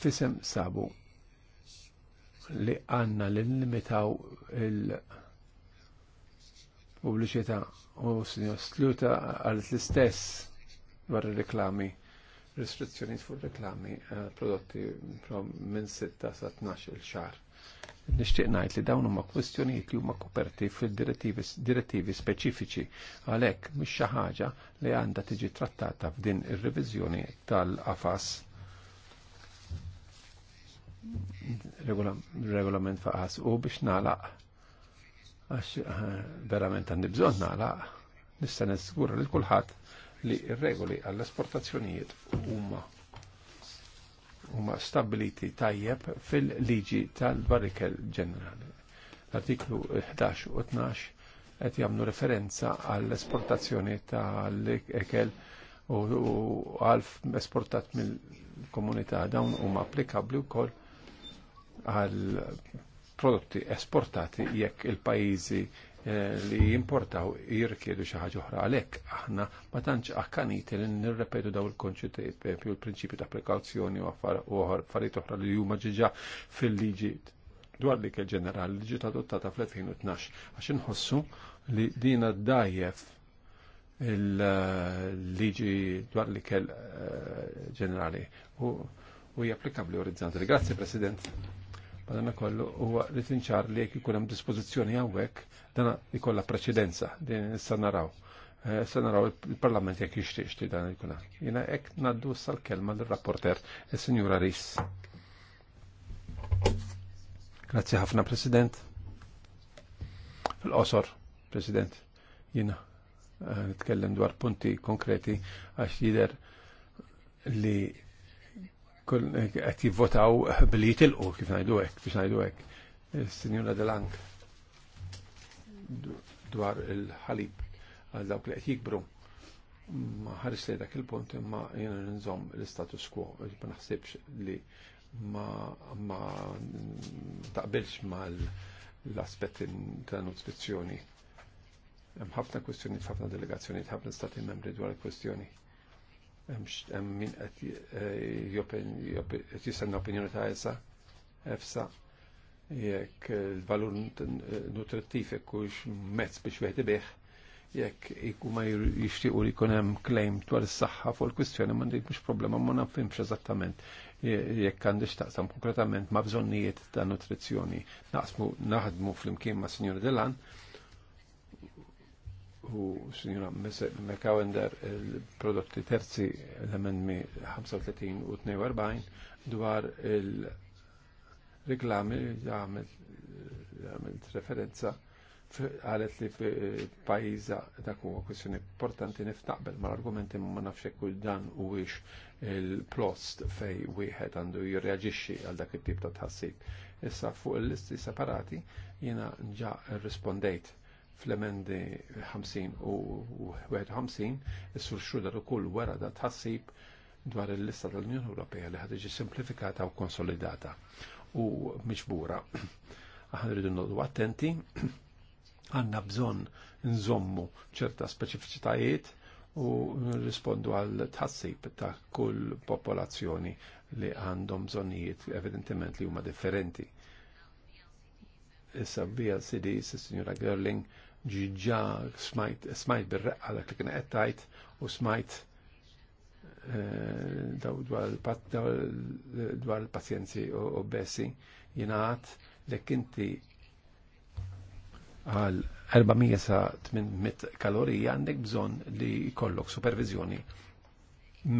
Fisem sabu li għanna li limitaw il-publiċità u Sinjur Sluta għalet l-istess dwar reklami restrizzjoni fuq reklami eh, prodotti minn 6 sa 12 il-xar Nixtieq ngħid li dawn huma kwistjonijiet li huma koperti fil-direttivi speċifiċi għalhekk mhix xi ħaġa li għandha tiġi trattata f'din ir-reviżjoni tal-qafas regolament faqas u biex nalaq għax eh, verament għandi bżonn nalaq nista' nisgura li kulħadd li r-regoli għall-esportazzjonijiet huma huma stabiliti tajjeb fil-liġi tal-Barikel Ġenerali. L-artiklu 11 u 12 qed jagħmlu referenza għall-esportazzjoni tal-ekel u għalf esportat mill-komunità dawn huma applikabbli wkoll għal prodotti esportati jekk il-pajjiżi Eh, li jimportaw jirkiedu xi ħaġa oħra għalhekk aħna ma tantx akkaniti li nirrepetu daw il-konċetti più il-prinċipju ta' prekawzjoni u affarijiet oħra li huma ġiġa fil-liġi dwar dik il-ġenerali li ġiet adottata fl-2012 għax inħossu li dina dajjef il-liġi dwar li kell eh, ġenerali u hija orizzontali. Grazie President. Madonna kollu huwa li tinċar li jekk ikun hemm dispożizzjoni hawnhekk dana ikolla preċedenza, din s-sanaraw. Eh, s-sanaraw il-parlament jek jixtiex ti dan ikuna. Jina ek naddu sal-kelma l-rapporter, il senjura Ris. Grazie ħafna, President. L-osor, President, jina eh, nitkellem dwar punti konkreti għax jider li eh, qed jivvotaw billi jitilqu kif ngħidu kif biex ngħidu hekk. Sinjura Delank dwar il-ħalib għal dawk li qed jikbru. Ma ħares li dak il-punt imma jiena nżomm l-status quo, ma naħsibx li ma taqbilx mal l-aspetti ta' nutrizzjoni. Hemm ħafna kwestjoni ħafna delegazzjoni, ħafna stati membri dwar il-kwestjoni. Hemm min eh, qed jistenna opinjoni ta' ESA, EFSA, jekk il-valur nutrittiv ikkux mezz biex veħdi bih, jekk iku ma jixtiequ li jkun hemm claim dwar is-saħħa fuq il-kwistjoni m'għandek mhux problema ma nafhimx eżattament jekk għandi taqsam konkretament ma' bżonnijiet ta' nutrizzjoni. Naqsmu naħdmu flimkien ma' Sinjora Delan u Sinjora Mekawender il-prodotti terzi l-emendmi 35 u 42 dwar il- Riklami għamil referenza għalet li eh, pajiza dak huwa kwestjoni importanti niftaqbel ma l-argumenti ma nafx kull dan u wix il-plost fej wieħed għandu jirreaġixxi għal dak it-tip ta' tħassib. Issa fuq il-listi separati jiena ġa rispondejt fl-emendi 50 u 51 is-sur xudar ukoll wara da tħassib dwar il-lista tal-Unjoni Ewropea li ħadġi simplifikata u konsolidata u miċbura. Aħna rridu nodu attenti, għanna bżon nżommu ċerta speċifiċitajiet u rispondu għal tħassib ta' kull popolazzjoni li għandhom bżonijiet evidentement li huma differenti. Issa bija s signora Gerling, ġiġa smajt, smajt bil-reqqa dak li kien qed tajt u smajt Eh, eh, dwar il-pazjenzi bessi jinaħat li kinti għal 400 sa 800 kalorija għandek bżon li jkollok supervizjoni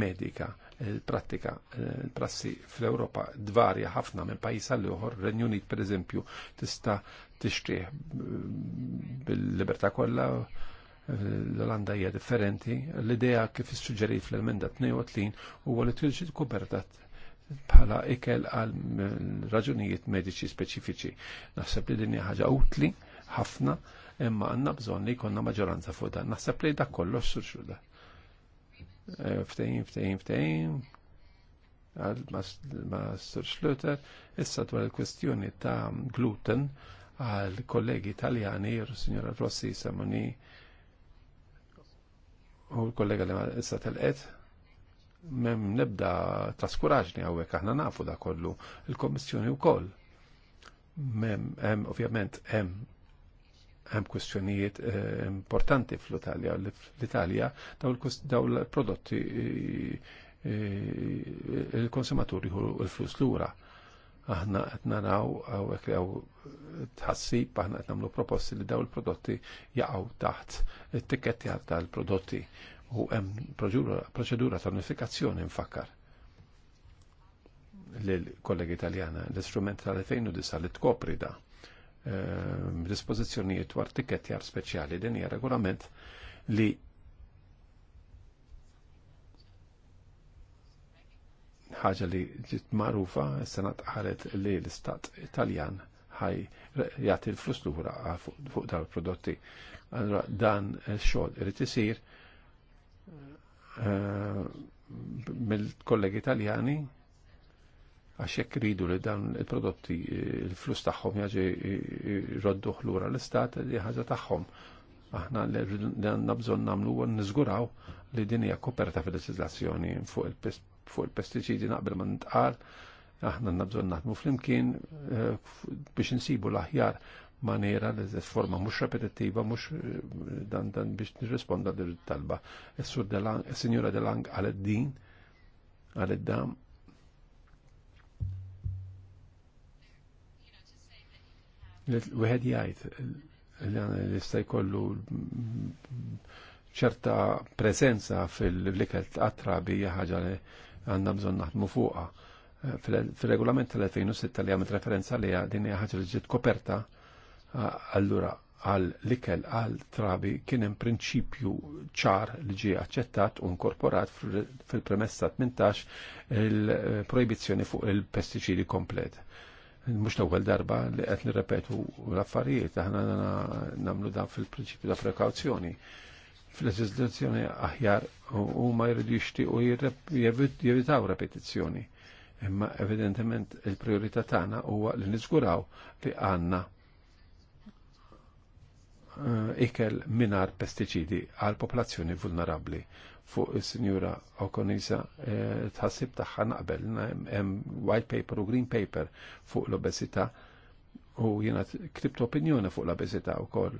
medika il-prattika, il-prassi fl-Europa dvarja ħafna minn pajis għall uħor Renjunit per eżempju tista' tixtrih bil-libertà kollha l-Olanda hija differenti, l-idea kif issuġġeri fl-emenda 32 huwa li tiġi kubertat bħala ikel għal raġunijiet mediċi speċifiċi. Naħseb li dinja ħaġa utli ħafna imma għandna bżonn li jkollna maġġoranza fuq dan. Naħseb li dak kollox sur xulda. Ftejn, ftejn, ftejn, għal ma' Schlöter, issa dwar il-kwestjoni ta' gluten għal kollegi italjani, signora Rossi Samoni, u l-kollega li ma issa telqet mem nebda traskuraġni għawek aħna nafu da kollu il-Komissjoni u koll. Mem, em, ovvjament, em, hemm kwistjonijiet eh, importanti fl-Italja l-Italja daw l-prodotti eh, eh, il-konsumaturi u l-flus l-ura aħna qed naraw hawnhekk li tħassib aħna qed nagħmlu proposti li daw il-prodotti jaqgħu taħt it-tikketti tal-prodotti u hemm proċedura ta' unifikazzjoni nfakkar lill kollegi Italjana l-istrument tal-2009 li tkopri da ehm, dispożizzjonijiet dwar tikkettjar speċjali din hija regolament li ħaġa li ġiet magħrufa s-senat ħaret li l-istat Italjan ħaj jagħti l-flus lura fuq dal il-prodotti. Allora dan xogħol irid isir eh, mill-kollegi Italjani għax jekk ridu li dan il-prodotti il-flus tagħhom jaġi rodduh lura l-istat li ħaġa tagħhom. Aħna li għandna bżonn nagħmlu u niżguraw li din hija koperta fil-leġiżlazzjoni fuq il-pist fuq il pesticidi naqbel ma nitqal, aħna nabżon naħdmu flimkien eh, biex nsibu l-aħjar maniera li forma mhux repetittiva, mhux eh, dan dan biex nirresponda dir talba. Is-sur Delang, is-Sinjura Delang għal din għal dam Wieħed jgħid li jista' jkollu ċerta preżenza fil-likel qatrabi bija ħaġa li għandna bżonn naħdmu fuqha. Eh, fil-regolament tal-2006 li għamet referenza li din hija ħaġa li ġiet koperta allura għal likel għal trabi kien hemm prinċipju ċar li ġie aċċettat u inkorporat fil-premessa 18 il-proibizzjoni fuq il-pestiċidi komplet. Mux l-ewwel darba li qed nirrepetu l-affarijiet aħna nagħmlu dan fil-prinċipju ta' prekawzjoni fil-leġizlazzjoni aħjar u ma jridu jixtiequ jevitaw repetizzjoni. Imma evidentement il-priorità tagħna huwa li niżguraw li għandna eh, ikel minar pestiċidi għal popolazzjoni vulnerabli fuq il-Sinjura Okonisa eh, tħassib taħħa naqbel, hemm white paper u green paper fuq l-obesità u jena ktibt opinjoni fuq l-obesità u koll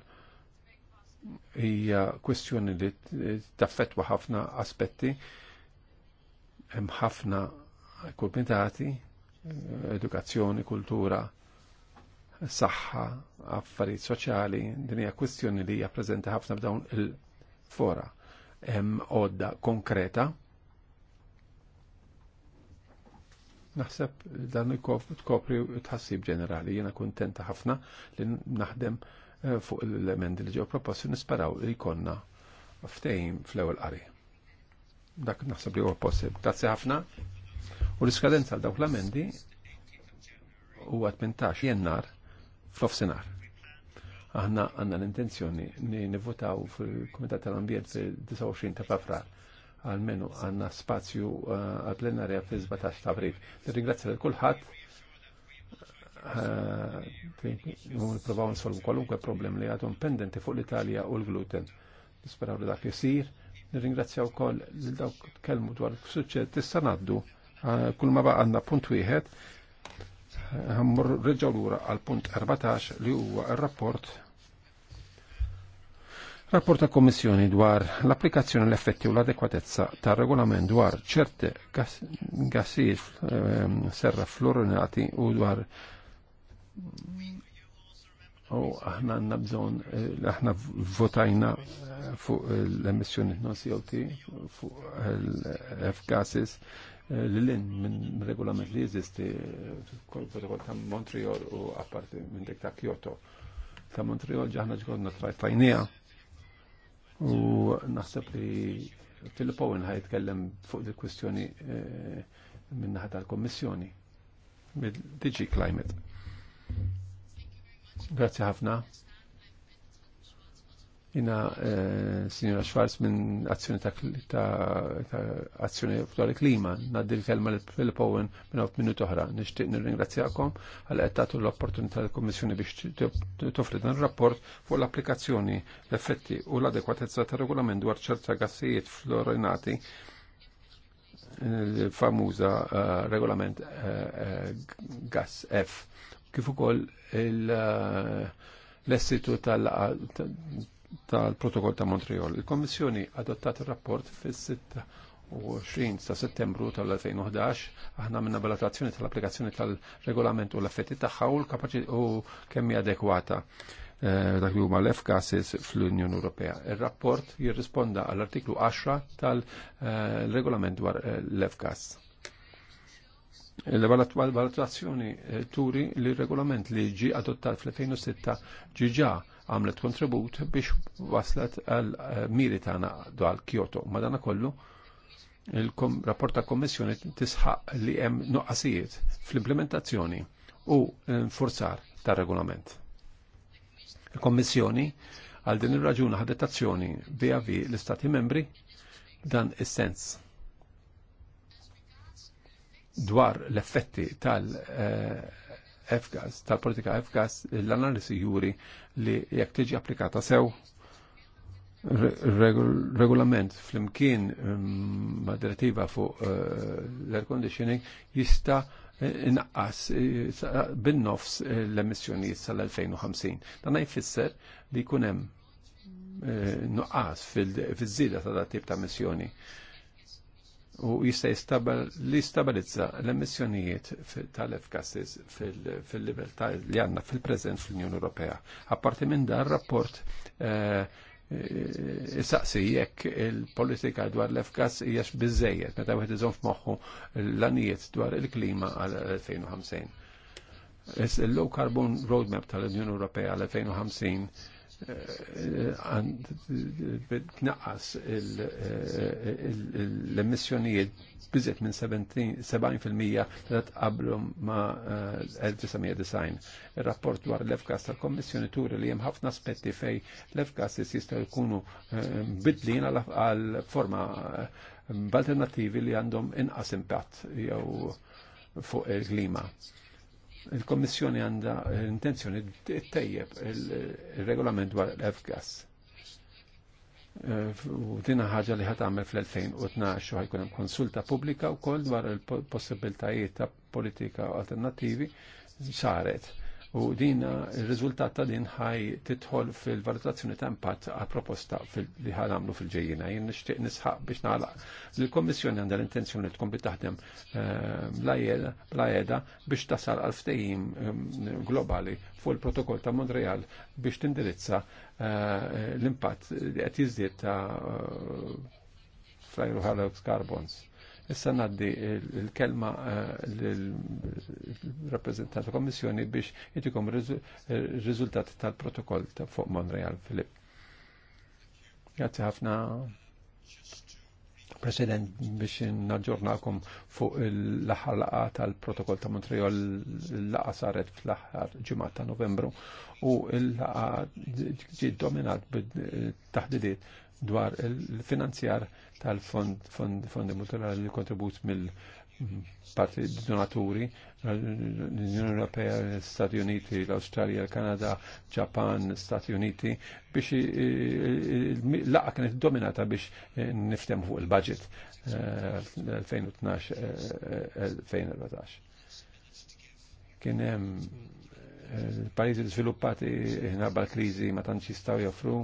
hija kwestjoni li taffetwa ħafna aspetti hemm ħafna kumitati edukazzjoni, kultura, saħħa, affarijiet soċjali, din hija kwestjoni li hija preżenti ħafna f'dawn il-fora. Hemm għodda konkreta. Naħseb dan ikopri tħassib ġenerali, jiena kuntenta ħafna li naħdem Eh, fuq l-emendi li ġew proposti nisperaw li jkollna ftejn fl-ewwel qari. Dak naħseb li huwa possib. Grazzi ħafna. U l-iskadenza għal dawk l-emendi huwa 18 jennar fl Aħna għandna l-intenzjoni li nivvotaw fil kumitat tal-Ambjent fil-29 ta' fafrar għalmenu għanna spazju eh, għal-plenarja fil-17 ta' abril. Ringrazzja l-kulħadd Niprovaw eh, nsolvu kwalunkwe problem li għadhom pendenti fuq l-Italja u l-gluten. Nisperaw li dak jisir. Nirringrazzjaw kol li dawk kelmu dwar suċċed tista' ngħaddu eh, kull ma baqa għandna punt wieħed. Eh, ħammur reġgħu lura għal punt 14 li huwa il rapport Rapport Kommissjoni dwar l-applikazzjoni l-effetti u l-adekwatezza ta' regolament dwar ċerte gassijiet serra fluorinati u dwar U aħna għanna bżon, eh, aħna votajna fuq eh, l-emissjoni non co fuq l-F-gases, eh, l-lin minn regolament li jizisti protokoll ta' Montreal u apparti minn dik ta' Kyoto. Ta' Montreal ġaħna ġgodna trajtajnija u naħseb li Filipowen ħajtkellem fuq il-kwistjoni minn naħat tal-Kommissjoni, mid Climate. Grazie ħafna. Jina eh, Signora Schwarz minn azzjoni ta', ta, ta azzjoni klima naddi l-kelma l Philip Owen minn 8 minuti oħra. Nixtieq nirringrazzjakom għal qed tagħtu l-opportunità l-Kummissjoni biex toffri dan rapport fuq l-applikazzjoni, l-effetti u l-adekwatezza ta' regolament dwar ċerta gassijiet fluorinati il-famuża eh, eh, regolament eh, gas F kif ukoll eh, l-essitu tal-protokoll ta' Montreal. Il-Kommissjoni adottat il-rapport fis 26 20 ta' settembru tal-2011 aħna minna valutazzjoni tal-applikazzjoni tal-regolament u l-effetti tagħha u l-kapaċi u kemmi adekwata eh, dak li huma l-efkasis fl-Unjoni Ewropea. Ir-rapport jirrisponda għall-artiklu 10 tal-regolament eh, dwar l gas l evaluazzjoni eh, turi li regolament li ġi adottat fl-2006 ġiġa għamlet kontribut biex waslet għal eh, miri tagħna dwar Kyoto. Madana kollu il-rapport ta' kommissjoni tisħaq li hemm noqqasijiet fl-implementazzjoni u forzar ta' regolament. Il-Kommissjoni għal din ir-raġuna ħadet azzjoni via vi l-Istati membri dan is-sens dwar l-effetti tal-FGAS, tal-politika FGAS, l-analisi juri li jekk tiġi applikata sew regolament fl-imkien mm, ma' direttiva fuq eh, l-air conditioning jista' inqas eh, bin-nofs eh, l-emissjonijiet sal-2050. Dan jfisser li jkun hemm nuqqas fil-żieda ta' dat tip ta' emissjoni u jista' jistabilizza l-emissjonijiet tal-efkasis fil-livell li għandna fil-preżent fl-Unjoni Ewropea. Apparti minn dan rapport eh, eh, saqsi jekk il-politika dwar l-efkas hija biżejjed meta wieħed iżomm f'moħħu l-anijiet dwar il-klima għal 2050. Is il-Low Carbon Roadmap tal-Unjoni Ewropea għal 2050 Eh, tnaqqas eh, l-emissjonijiet biżet minn 70% t-għat qablu ma' 1990. Eh, Il-rapport dwar l-efgas tal-Kommissjoni turi li hemm ħafna aspetti fej l-efgas jistgħu jkunu bidlin għal forma b'alternativi li għandhom inqas impatt jew fuq il-klima il-Kommissjoni għandha intenzjoni tejjeb il-regolament dwar l-F-gas. Eh, u dina ħaġa li għamil fl-2012 u ħajkun hemm konsulta pubblika wkoll dwar il-possibiltajiet ta' politika alternattivi saret u din il-rizultat ta' din ħaj titħol fil-valutazzjoni ta' impatt għal proposta li ħal għamlu fil-ġejjina. Jien nixtieq nisħaq biex naħlaq li l-Kommissjoni għandha l-intenzjoni li tkompli taħdem eh, bla biex tasal għal ftejim eh, globali fuq il-protokoll ta' Montreal biex tindirizza eh, l-impatt li qed jiżdied ta' fl-aerohalux carbons. Issa naddi il-kelma eh, l-rappresentant ta' kommissjoni biex jitikom rizultat eh, tal-protokoll ta' fuq Monreal Filip. Grazie ħafna, President biex naġġornakom fuq l-aħħar laqa tal-protokoll ta' Montreal laqa saret fl-aħħar ġimgħa ta' Novembru u l-laqa ġiet dominat bit-taħdidiet dwar il-finanzjar tal-fondi multilaterali kontribut mill- parti donaturi, l-Unjoni Ewropea, l-Stati Uniti, l-Australja, l-Kanada, Ġapan, l-Stati Uniti, biex l-laqa kienet dominata biex eh, niftem fuq il-budget eh, 2012-2014. Eh, Kien hemm pajjiżi żviluppati ħnabba l-kriżi ma tantx jistgħu joffru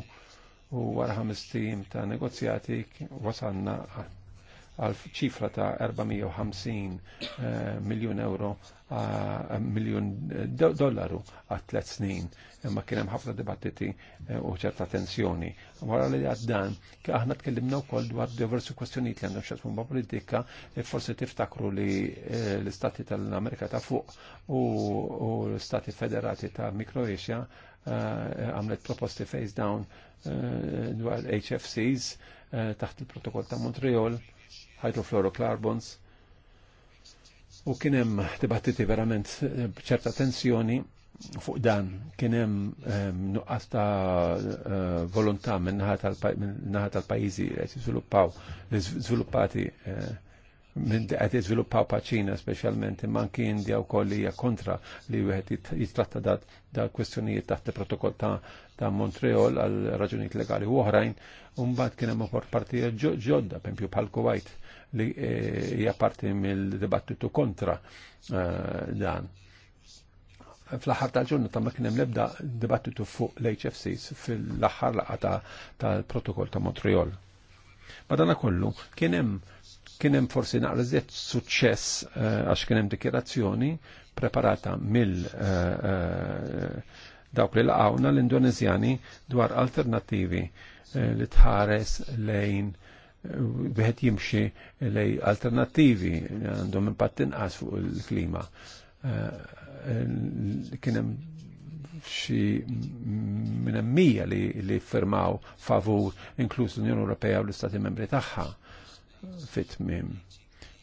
u wara ħames tim ta' negozjati wasanna għal ċifra ta' 450 eh, miljon euro eh, miljon dollaru għat tlet snin imma kien hemm ħafna dibattiti eh, u ċerta tensjoni. Wara li għad dan, aħna tkellimna wkoll dwar diversi kwestjonijiet li għandhom xatmu ma' politika li forsi tiftakru li l-Istati tal-Amerika ta' fuq u l-Istati Federati ta' Mikroesja għamlet proposti face down dwar HFCs taħt il-protokoll ta' Montreal hydrofluorocarbons u kienem dibattiti verament eh, ċerta tensjoni fuq dan kienem ehm, nuqqas ta' eh, volontà minn naħa tal-pajizi li jizviluppaw, li zviluppati minn qed jiżviluppaw paċina eh, speċjalment imma anki Indja wkoll hija kontra li wieħed jittratta da da kwestjonijiet taħt il-protokoll ta' ta' Montreal għal raġunijiet legali u oħrajn u mbagħad kien hemm partijiet ġodda pempju bħal Kuwait li eh, hija parti mill-dibattitu kontra eh, dan. Fl-aħħar tal-ġurnata ma kien hemm l-ebda dibattitu fuq l-HFCs fil-aħħar laqgħa tal-protokoll ta' Montreal. Madana kollu kien hemm kien hemm forsi naqra suċċess eh, għax kien hemm dikjerazzjoni preparata mill dawk li laqgħuna l-Indonezjani dwar alternattivi li tħares lejn biħet jimxi lej alternativi għandhom impatt inqas fuq il-klima. Eh, kien hemm xi minn mija li, li firmaw favur inkluż l-Unjoni Ewropea u l-Istati Membri tagħha fit-tmiem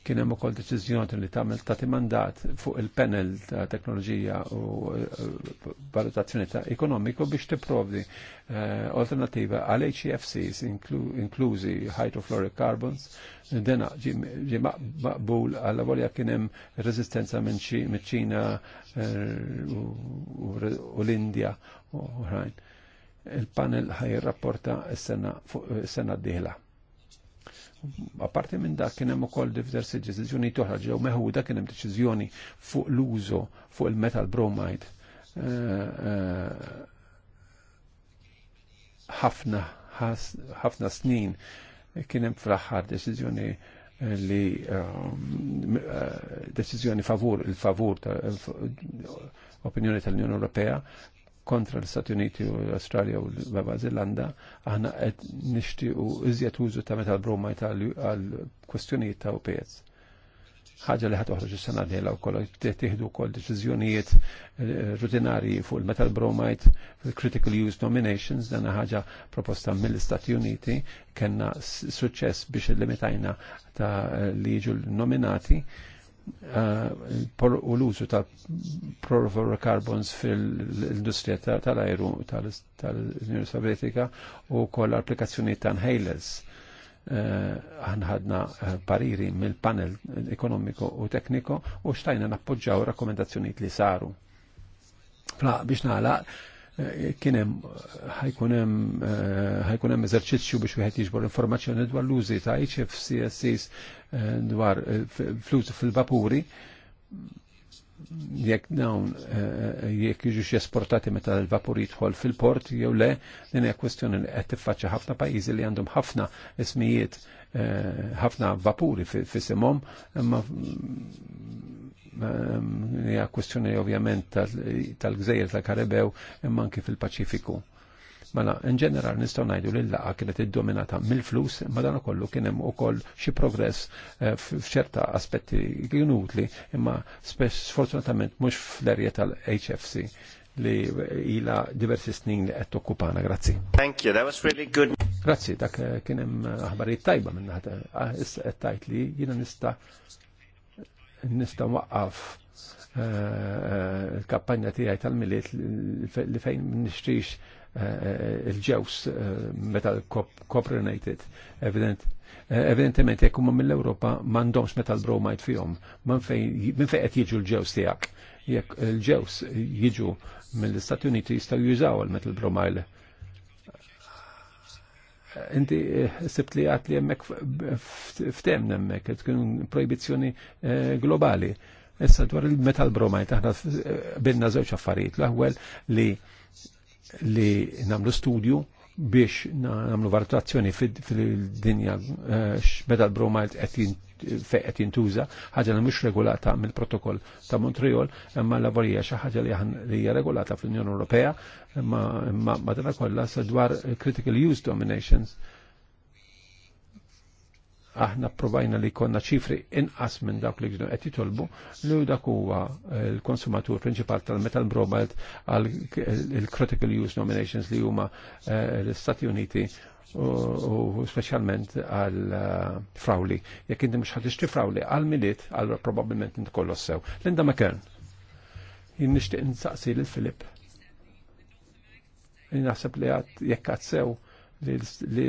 Kien hemm ukoll deċiżjoni li tagħmel tagħti mandat fuq il-panel ta' teknoloġija u eh, valutazzjoni ta' ekonomiku biex tipprovdi eh, alternativa għal hfcs e inklużi hydrofluoric carbons dena ġi maqbul għal volja kien hemm reżistenza minn ċina eh, u l-Indja u oħrajn. Il-panel ħaj rapporta s-sena d-dieħla. Apparti minn dak kien hemm ukoll diversi deċiżjoni toħra ġew meħuda kien hemm deċiżjoni fuq l-użu fuq il-metal bromide. Eh, eh, ħafna ħafna snin kien hemm fl-aħħar deċiżjoni li ehm, eh, deċiżjoni favur il-favur opinjoni tal-Unjoni Ewropea kontra l-Stati Uniti u l-Australia u l-Baba Zelanda, aħna qed nixtiequ iżjed użu ta' metal broma għal kwestjonijiet ta' UPS. Ħaġa li ħatoħroġ is-sena dejla wkoll tieħdu wkoll deċiżjonijiet eh, rutinarji fuq il-metal bromide critical use nominations dan ħaġa proposta mill-Istati Uniti kellna suċċess biex illimitajna ta' liġu nominati Eh, u l-użu ta' carbons fil-industrija tal-ajru tal-Unjoni Sovjetika u koll applikazzjoni ta' Nħejles. Għanħadna eh, eh, pariri mill-panel ekonomiku u tekniko u xtajna nappoġġaw rakkomendazzjoni li saru. Biex naħlaq, kienem ħajkunem eh, ħajkunem eżerċizzju biex wieħed jiġbor informazzjoni dwar l-użi ta' HFCSCs eh, dwar eh, flus fil-vapuri jekk dawn jekk jiġux esportati meta l-vapur jidħol fil-port jew le din hija kwestjoni li qed tiffaċċja ħafna pajjiżi li għandhom ħafna ismijiet ħafna vapuri fi simhom imma Ehm, hija kwestjoni ovvjament tal-gżejjer tal-Karibew imma anki fil-Paċifiku. Mela, in ġeneral nistgħu ngħidu li laqa kienet iddominata mill-flus, imma dan ukollu kien hemm ukoll xi progress eh, f'ċerta aspetti kienu utli, imma spess sfortunatament mhux fl-erja tal-HFC li ila diversi snin li qed okkupana, grazzi. Thank you, that was really good. Grazzi, dak eh, kien hemm aħbarijiet tajba minn ħadd eh, qed tajt li jiena nista' nista' waqqaf eh, eh, il-kampanja tiegħi tal-miliet li fejn nixtrix eh, il-ġews meta copronated evident evidentement jekk huma mill-Ewropa m'għandhomx l bromide fihom Min fejn qed jiġu l-ġews tiegħek jekk il-ġews jiġu mill-Istati Uniti jistgħu jużaw l metal bromide inti eh, sibt li għat li jemmek f'tem nemmek, tkun proibizjoni eh, globali. Issa dwar il-metal Bromajt aħna binna zewċ affarijiet. L-ewwel li li namlu studju biex namlu valutazzjoni fil-dinja eh, metal bromide qed jintuża, ħaġa li mhux regolata mill-protokoll ta' Montreal, imma l-lavorija xi ħaġa li hija regolata fl-Unjoni Ewropea imma madana kollha sa dwar critical use dominations aħna provajna li konna ċifri inqas minn dawk li ġdu qed jitolbu li dak huwa l-konsumatur prinċipal tal-metal bromide għal il-critical use nominations li huma eh, l-Istati Uniti u specialment għal eh, frawli. Jekk inti mhux ħad tixtri frawli għal miliet, għal probabbilment inti kollu sew. Linda McKern. Jien nixtieq insaqsi lil Filip Naħseb li għat jekk sew li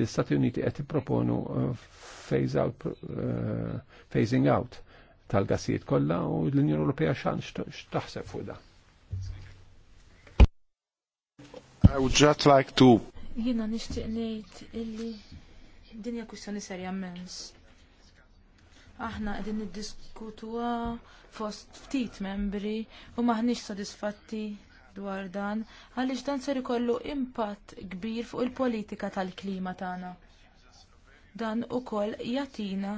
l-Stati Uniti qed proponu uh, phase out, uh, phasing out tal-gassijiet kollha u l-Unjoni Ewropea xan x'taħseb fuq da. I would just like to Jiena nixtieq ngħid illi din hija kwistjoni serja mens. Aħna qegħdin niddiskutuha fost ftit membri u maħniex sodisfatti dwar dan għaliex dan ser ikollu impatt kbir fuq il-politika tal-klima tagħna. Dan ukoll jagħtina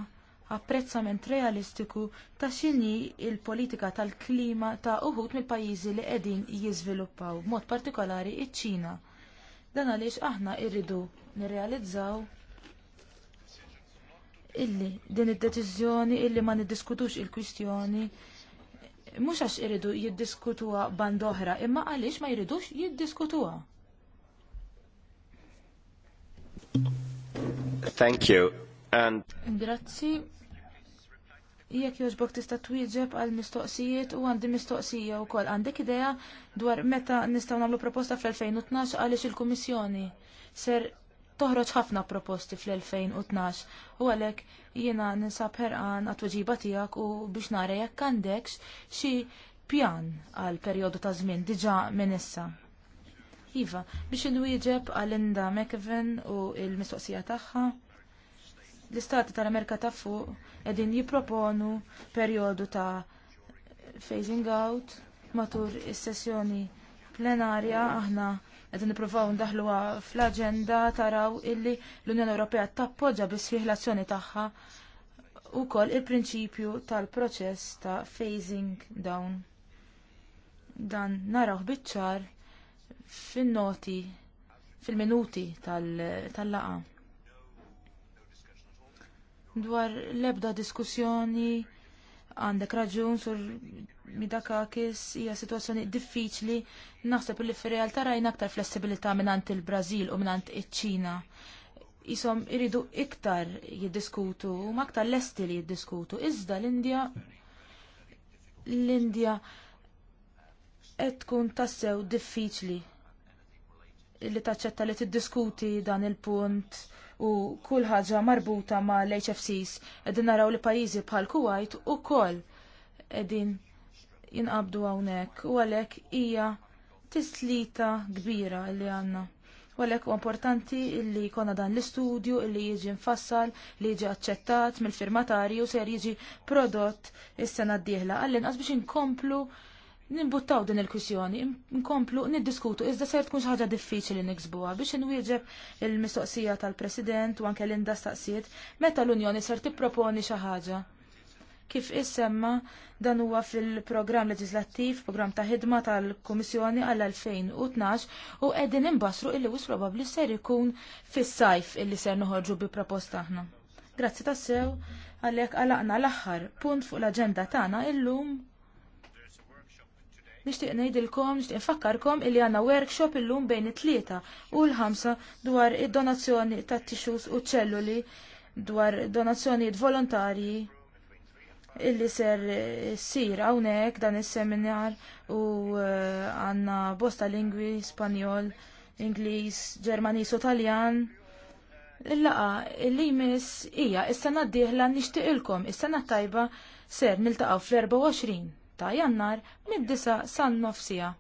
apprezzament realistiku ta' xini il-politika tal-klima ta' uħud mill-pajjiżi li qegħdin jiżviluppaw, b'mod partikolari iċ-Ċina. Dan għaliex aħna rridu nirrealizzaw illi din id-deċiżjoni illi ma niddiskutux il-kwistjoni il kwistjoni mhux għax iridu jiddiskutuha band oħra, imma għaliex ma jridux jiddiskutuha. Thank you. And... Grazzi. Jekk jogħġbok tista' twieġeb għal mistoqsijiet u għandi mistoqsija wkoll għandek idea dwar meta nistgħu nagħmlu proposta fl-2012 għaliex il-Kummissjoni ser toħroġ ħafna proposti fl-2012 u għalhekk jiena ninsab ħerqan għat-tweġiba tiegħek u biex nara jekk għandekx xi pjan għal periodu ta' żmien diġà minn issa. Iva, biex inwieġeb għal Linda McEwen u l mistoqsija tagħha l-istati tal-Amerika ta' fuq edin jiproponu perjodu ta' phasing out matul is-sessjoni plenarja aħna Qed nippruvaw ndaħluha fl-aġenda taraw illi l-Unjoni Ewropea tappoġġa biss fih l-azzjoni tagħha ukoll il-prinċipju tal-proċess ta' phasing down. Dan naraw biċ-ċar fin-noti fil-minuti tal-laqa. Dwar l-ebda diskussjoni għandek raġun sur Midakakis hija sitwazzjoni diffiċli naħseb li fir-realtà rajna aktar flessibilità mingħand il-Brażil u mingħand iċ-Ċina. Isom iridu iktar jiddiskutu u ma aktar lesti li jiddiskutu. Iżda l-Indja l-Indja qed tkun tassew diffiċli li taċċetta li tiddiskuti dan il-punt u kull ħaġa marbuta ma l-HFCs edin naraw li pajjiżi bħal Kuwait ukoll qegħdin jinqabdu hawnhekk u għalhekk hija tislita kbira li għandna. U għalhekk huwa importanti li jkollna dan l-istudju li jiġi nfassal li jiġi aċċettat mill-firmatari u ser jiġi prodott is-sena d-dieħla. Għall-inqas biex inkomplu Nimbuttaw din il-kwissjoni, nkomplu niddiskutu, iżda ser tkun xi ħaġa diffiċli niksbuha biex inwieġeb il-mistoqsija tal-President u anke l-indastaqsijiet meta l-Unjoni ser tipproponi xi ħaġa. Kif issemma dan huwa fil-programm leġislattiv, programm ta' ħidma tal-Kummissjoni għall-2012 u qegħdin imbassru illi wis probabbli ser ikun fis-sajf illi ser noħorġu bi proposta aħna. Grazzi tassew għalhekk għalaqna l-aħħar punt fuq l-aġenda tagħna illum nixtieq ngħidilkom, nishtiq nfakkarkom illi għandna workshop illum bejn it-tlieta u l-ħamsa dwar id-donazzjoni tat-tixus u ċelluli dwar donazzjonijiet volontarji illi ser eh, sir hawnhekk dan is-seminar u eh, għandna bosta lingwi Spanjol, Ingliż, Ġermaniż u Taljan. Il-laqa li jmiss hija is-sena d-dieħla nixtieqilkom is-sena tajba ser niltaqgħu fl-24 ta' jannar mid-disa san nofsija.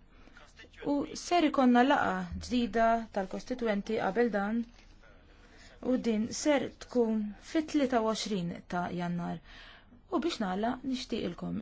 U ser ikonna laqa ġdida tal-kostituenti qabel dan u din ser tkun fit-23 ta' jannar. U biex nagħlaq nixtieqilkom